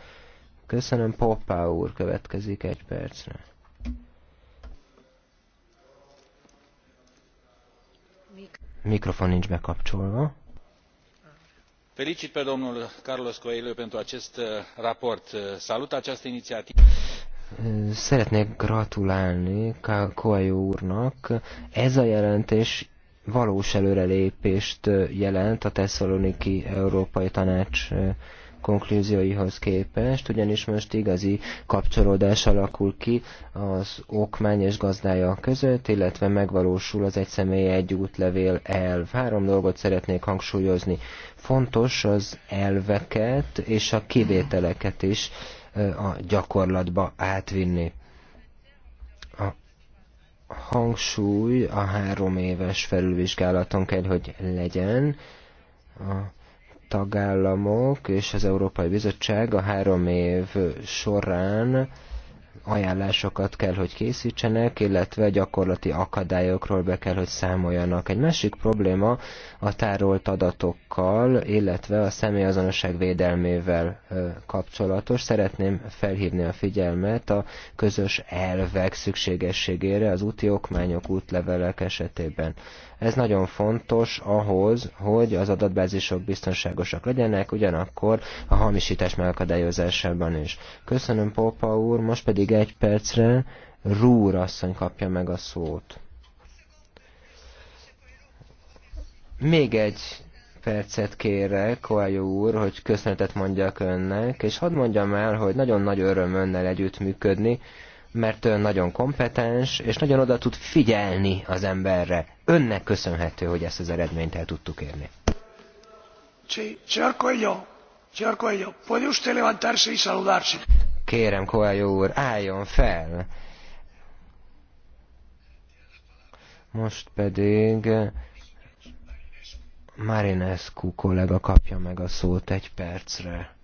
Köszönöm, Poppá úr következik egy percre. Mikrofon nincs bekapcsolva felicit pe domnul carlos coelho pentru acest uh, raport. Uh, salut această inițiativă. Szeretnék gratulálni Coelho úrnak. Ez a jelentés valós előrelépést uh, jelent a Tesszaloniki Európai Tanács konklúzióihoz képest, ugyanis most igazi kapcsolódás alakul ki az okmány és gazdája között, illetve megvalósul az személy egy útlevél elv. Három dolgot szeretnék hangsúlyozni. Fontos az elveket és a kivételeket is a gyakorlatba átvinni. A hangsúly a három éves felülvizsgálaton kell, hogy legyen. A tagállamok és az Európai Bizottság a három év során ajánlásokat kell, hogy készítsenek, illetve gyakorlati akadályokról be kell, hogy számoljanak. Egy másik probléma a tárolt adatokkal, illetve a személyazonosság védelmével kapcsolatos. Szeretném felhívni a figyelmet a közös elvek szükségességére az úti okmányok, útlevelek esetében. Ez nagyon fontos ahhoz, hogy az adatbázisok biztonságosak legyenek, ugyanakkor a hamisítás megakadályozásában is. Köszönöm, Pópa úr, most pedig pedig egy percre Rúr asszony kapja meg a szót. Még egy percet kérek, Koályó úr, hogy köszönetet mondjak önnek, és hadd mondjam el, hogy nagyon nagy öröm önnel együttműködni, mert ön nagyon kompetens, és nagyon oda tud figyelni az emberre. Önnek köszönhető, hogy ezt az eredményt el tudtuk érni. Sí, señor Coelho, señor Coelho, puede usted levantarse y saludarse. Kérem, Koajó úr, álljon fel! Most pedig Marinescu kollega kapja meg a szót egy percre.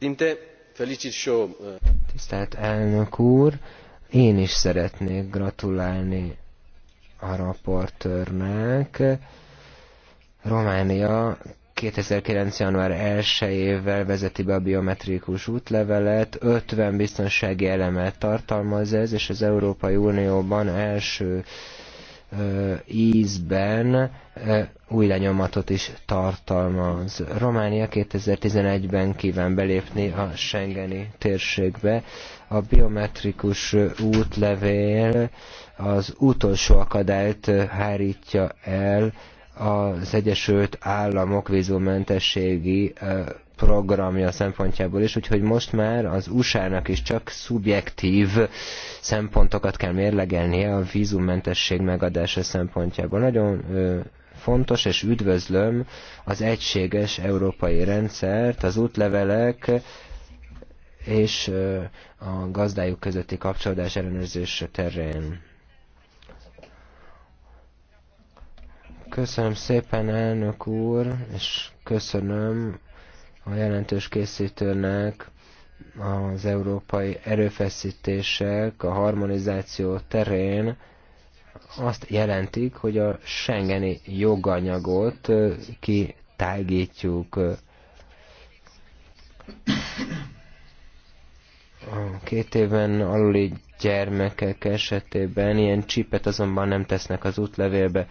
Uh, Tisztelt elnök úr, én is szeretnék gratulálni a raportőrnek. Románia 2009. január 1 évvel vezeti be a biometrikus útlevelet, 50 biztonsági elemet tartalmaz ez, és az Európai Unióban első ö, ízben ö, új lenyomatot is tartalmaz. Románia 2011-ben kíván belépni a Schengeni térségbe. A biometrikus útlevél az utolsó akadályt hárítja el, az Egyesült Államok vízumentességi programja szempontjából is, úgyhogy most már az USA-nak is csak szubjektív szempontokat kell mérlegelnie a vízummentesség megadása szempontjából. Nagyon fontos, és üdvözlöm az egységes európai rendszert, az útlevelek és a gazdájuk közötti kapcsolódás ellenőrzés terén. Köszönöm szépen, elnök úr, és köszönöm a jelentős készítőnek az európai erőfeszítések a harmonizáció terén azt jelentik, hogy a Schengeni joganyagot kitágítjuk. A két éven aluli gyermekek esetében ilyen csipet azonban nem tesznek az útlevélbe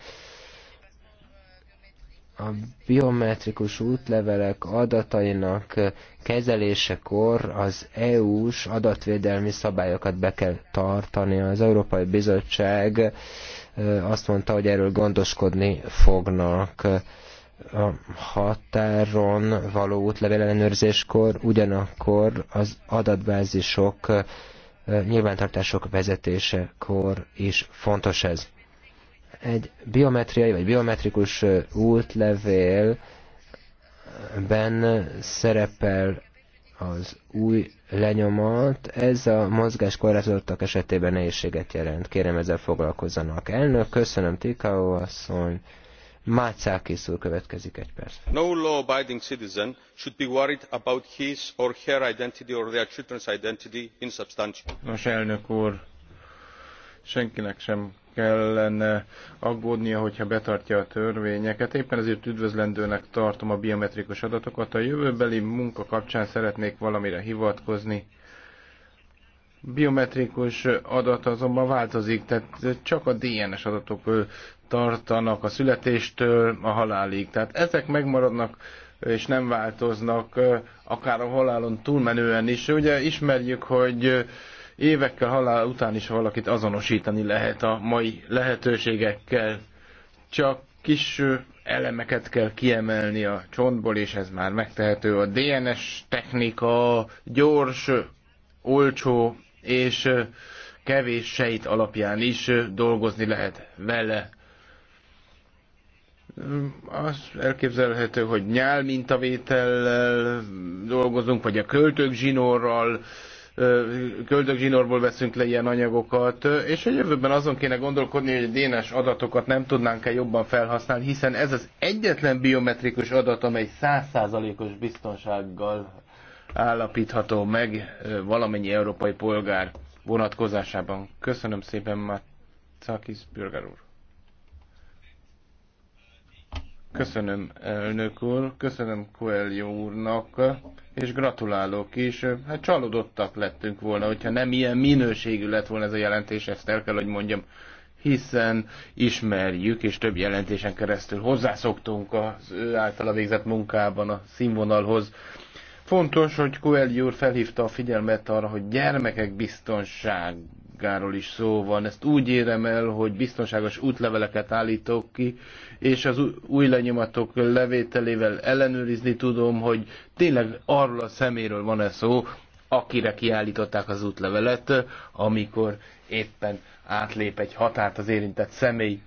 a biometrikus útlevelek adatainak kezelésekor az EU-s adatvédelmi szabályokat be kell tartani. Az Európai Bizottság azt mondta, hogy erről gondoskodni fognak a határon való útlevél ellenőrzéskor, ugyanakkor az adatbázisok nyilvántartások vezetésekor is fontos ez. Egy biometriai vagy biometrikus útlevélben szerepel az új lenyomat, ez a mozgás korlátozottak esetében nehézséget jelent. Kérem, ezzel foglalkozzanak. Elnök, köszönöm, Tikao asszony. Mátszákész úr következik egy perc. No law-abiding citizen should be worried about his or her identity or their children's identity in substantial. Nos, elnök úr, senkinek sem kellene aggódnia, hogyha betartja a törvényeket. Éppen ezért üdvözlendőnek tartom a biometrikus adatokat. A jövőbeli munka kapcsán szeretnék valamire hivatkozni. Biometrikus adat azonban változik, tehát csak a DNS adatok tartanak a születéstől a halálig. Tehát ezek megmaradnak és nem változnak, akár a halálon túlmenően is. Ugye ismerjük, hogy évekkel halál után is valakit azonosítani lehet a mai lehetőségekkel. Csak kis elemeket kell kiemelni a csontból, és ez már megtehető. A DNS technika gyors, olcsó és kevés sejt alapján is dolgozni lehet vele. Az elképzelhető, hogy nyálmintavétellel dolgozunk, vagy a költők zsinórral, köldögzsinórból veszünk le ilyen anyagokat, és a jövőben azon kéne gondolkodni, hogy a DNS adatokat nem tudnánk-e jobban felhasználni, hiszen ez az egyetlen biometrikus adat, amely százszázalékos biztonsággal állapítható meg valamennyi európai polgár vonatkozásában. Köszönöm szépen, Matsakis Bürger úr. Köszönöm, elnök úr, köszönöm Coelho úrnak és gratulálok is. Hát csalódottak lettünk volna, hogyha nem ilyen minőségű lett volna ez a jelentés, ezt el kell, hogy mondjam, hiszen ismerjük, és több jelentésen keresztül hozzászoktunk az ő általa végzett munkában a színvonalhoz. Fontos, hogy Coelho úr felhívta a figyelmet arra, hogy gyermekek biztonság gáról is szó van. Ezt úgy érem el, hogy biztonságos útleveleket állítok ki, és az új lenyomatok levételével ellenőrizni tudom, hogy tényleg arról a szeméről van-e szó, akire kiállították az útlevelet, amikor éppen átlép egy határt az érintett személy.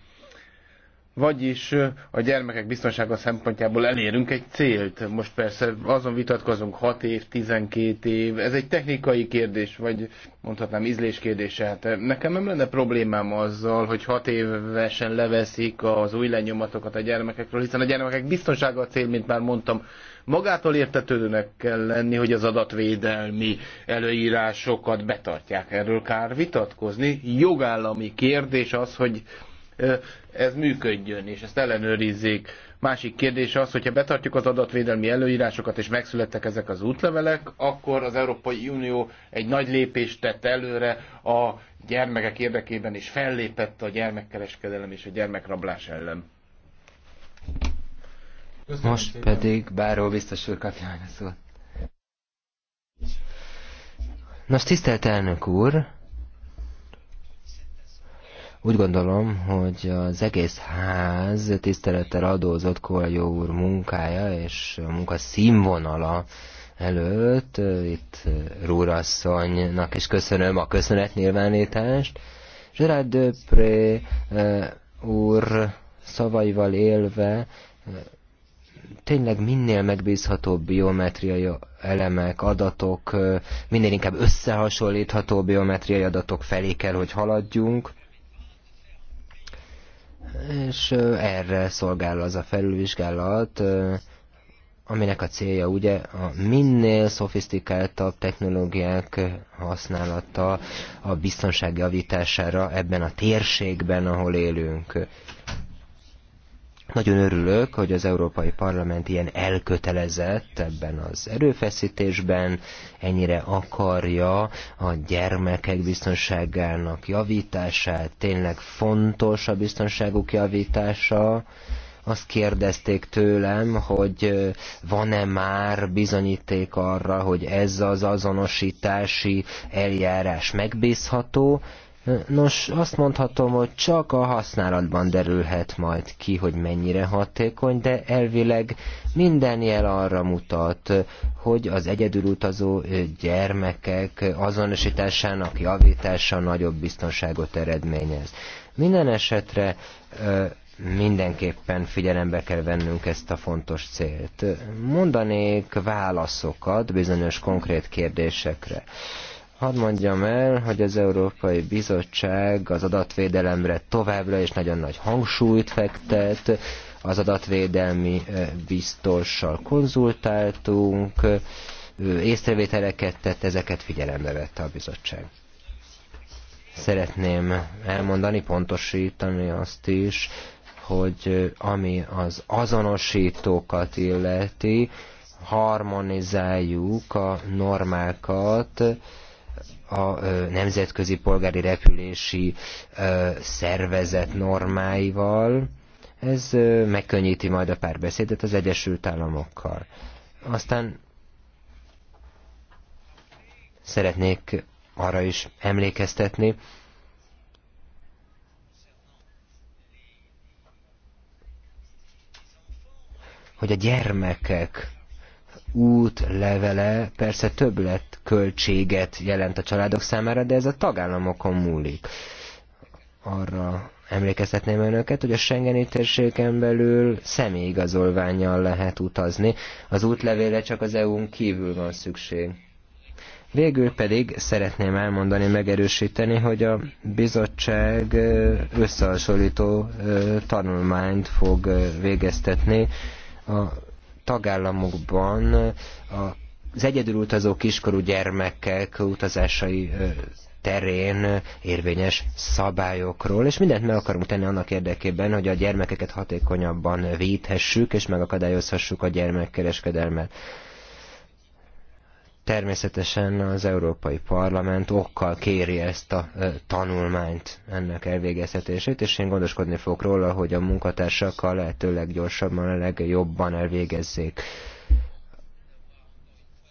Vagyis a gyermekek biztonsága szempontjából elérünk egy célt. Most persze azon vitatkozunk 6 év, 12 év. Ez egy technikai kérdés, vagy mondhatnám ízlés kérdése. Hát nekem nem lenne problémám azzal, hogy 6 évesen leveszik az új lenyomatokat a gyermekekről, hiszen a gyermekek biztonsága a cél, mint már mondtam. Magától értetődőnek kell lenni, hogy az adatvédelmi előírásokat betartják. Erről kár vitatkozni. Jogállami kérdés az, hogy ez működjön, és ezt ellenőrizzék. Másik kérdés az, hogyha betartjuk az adatvédelmi előírásokat, és megszülettek ezek az útlevelek, akkor az Európai Unió egy nagy lépést tett előre a gyermekek érdekében, és fellépett a gyermekkereskedelem és a gyermekrablás ellen. Köszönöm Most szépen. pedig Báró biztos úr kapja a szót. Nos, tisztelt elnök úr! Úgy gondolom, hogy az egész ház tisztelettel adózott Kovaljó úr munkája és a munka színvonala előtt. Itt Rúrasszonynak is köszönöm a nyilvánítást. Gerard Döpré eh, úr szavaival élve eh, tényleg minél megbízhatóbb biometriai elemek, adatok, eh, minél inkább összehasonlítható biometriai adatok felé kell, hogy haladjunk és erre szolgál az a felülvizsgálat, aminek a célja ugye a minél szofisztikáltabb technológiák használata a biztonság javítására ebben a térségben, ahol élünk. Nagyon örülök, hogy az Európai Parlament ilyen elkötelezett ebben az erőfeszítésben, ennyire akarja a gyermekek biztonságának javítását, tényleg fontos a biztonságuk javítása. Azt kérdezték tőlem, hogy van-e már bizonyíték arra, hogy ez az azonosítási eljárás megbízható, Nos, azt mondhatom, hogy csak a használatban derülhet majd ki, hogy mennyire hatékony, de elvileg minden jel arra mutat, hogy az egyedülutazó gyermekek azonosításának javítása nagyobb biztonságot eredményez. Minden esetre mindenképpen figyelembe kell vennünk ezt a fontos célt. Mondanék válaszokat bizonyos konkrét kérdésekre. Hadd mondjam el, hogy az Európai Bizottság az adatvédelemre továbbra is nagyon nagy hangsúlyt fektet, az adatvédelmi eh, biztossal konzultáltunk, észrevételeket tett, ezeket figyelembe vette a bizottság. Szeretném elmondani, pontosítani azt is, hogy eh, ami az azonosítókat illeti, harmonizáljuk a normákat, a nemzetközi polgári repülési szervezet normáival. Ez megkönnyíti majd a párbeszédet az Egyesült Államokkal. Aztán szeretnék arra is emlékeztetni, hogy a gyermekek útlevele persze többlet költséget jelent a családok számára, de ez a tagállamokon múlik. Arra emlékeztetném önöket, hogy a Schengeni térségen belül személyigazolványjal lehet utazni, az útlevélre csak az EU-n kívül van szükség. Végül pedig szeretném elmondani, megerősíteni, hogy a bizottság összehasonlító tanulmányt fog végeztetni a tagállamokban az egyedül utazó kiskorú gyermekek utazásai terén érvényes szabályokról, és mindent meg akarunk tenni annak érdekében, hogy a gyermekeket hatékonyabban védhessük, és megakadályozhassuk a gyermekkereskedelmet. Természetesen az Európai Parlament okkal kéri ezt a tanulmányt, ennek elvégezhetését, és én gondoskodni fogok róla, hogy a munkatársakkal lehetőleg gyorsabban, a legjobban elvégezzék.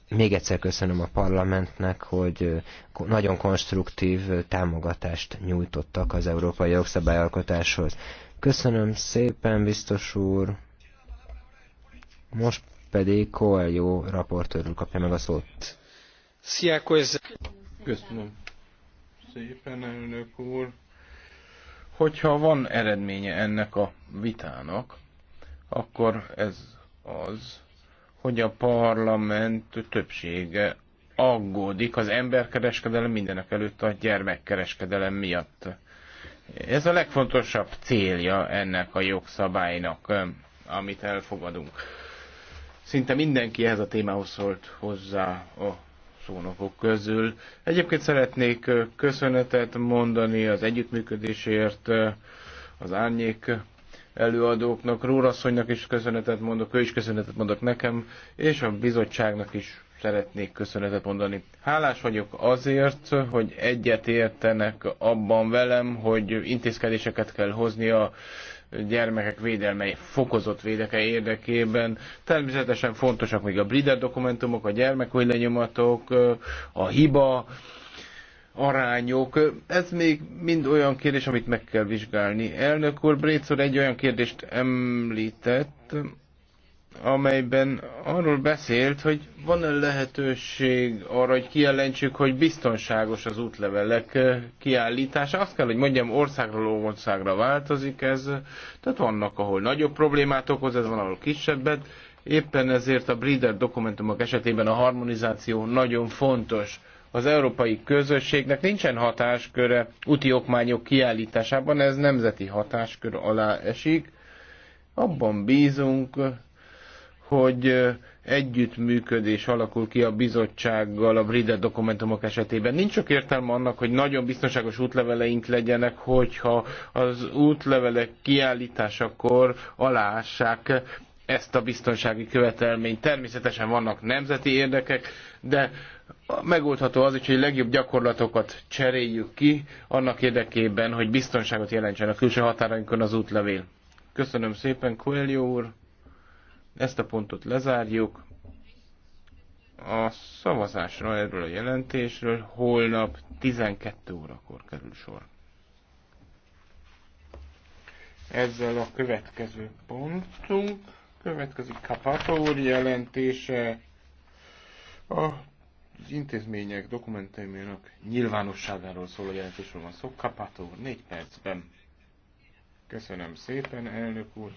Még egyszer köszönöm a parlamentnek, hogy nagyon konstruktív támogatást nyújtottak az európai jogszabályalkotáshoz. Köszönöm szépen, biztos úr! Most pedig Coelho raportőrül kapja meg a szót. Szia, Köszönöm szépen, elnök úr. Hogyha van eredménye ennek a vitának, akkor ez az, hogy a parlament többsége aggódik az emberkereskedelem mindenek előtt a gyermekkereskedelem miatt. Ez a legfontosabb célja ennek a jogszabálynak, amit elfogadunk Szinte mindenki ehhez a témához szólt hozzá a szónokok közül. Egyébként szeretnék köszönetet mondani az együttműködésért az árnyék előadóknak, Rórasszonynak is köszönetet mondok, ő is köszönetet mondok nekem, és a bizottságnak is szeretnék köszönetet mondani. Hálás vagyok azért, hogy egyet értenek abban velem, hogy intézkedéseket kell hozni a gyermekek védelme, fokozott védeke érdekében. Természetesen fontosak még a Brider dokumentumok, a gyermekvélenyomatok, a hiba, arányok. Ez még mind olyan kérdés, amit meg kell vizsgálni. Elnök úr, Brécor egy olyan kérdést említett, amelyben arról beszélt, hogy van-e lehetőség arra, hogy kijelentsük, hogy biztonságos az útlevelek eh, kiállítása. Azt kell, hogy mondjam, országról országra változik ez. Tehát vannak, ahol nagyobb problémát okoz, ez van, ahol kisebbet. Éppen ezért a breeder dokumentumok esetében a harmonizáció nagyon fontos. Az európai közösségnek nincsen hatásköre úti okmányok kiállításában, ez nemzeti hatáskör alá esik. Abban bízunk, hogy együttműködés alakul ki a bizottsággal a Bride dokumentumok esetében. Nincs sok értelme annak, hogy nagyon biztonságos útleveleink legyenek, hogyha az útlevelek kiállításakor aláássák ezt a biztonsági követelményt. Természetesen vannak nemzeti érdekek, de megoldható az is, hogy legjobb gyakorlatokat cseréljük ki annak érdekében, hogy biztonságot jelentsen a külső határainkon az útlevél. Köszönöm szépen, Coelho úr! Ezt a pontot lezárjuk. A szavazásra erről a jelentésről holnap 12 órakor kerül sor. Ezzel a következő pontunk következik Kapato úr jelentése a az intézmények dokumentumának nyilvánosságáról szóló jelentésről van szó. Kapató úr, négy percben. Köszönöm szépen, elnök úr.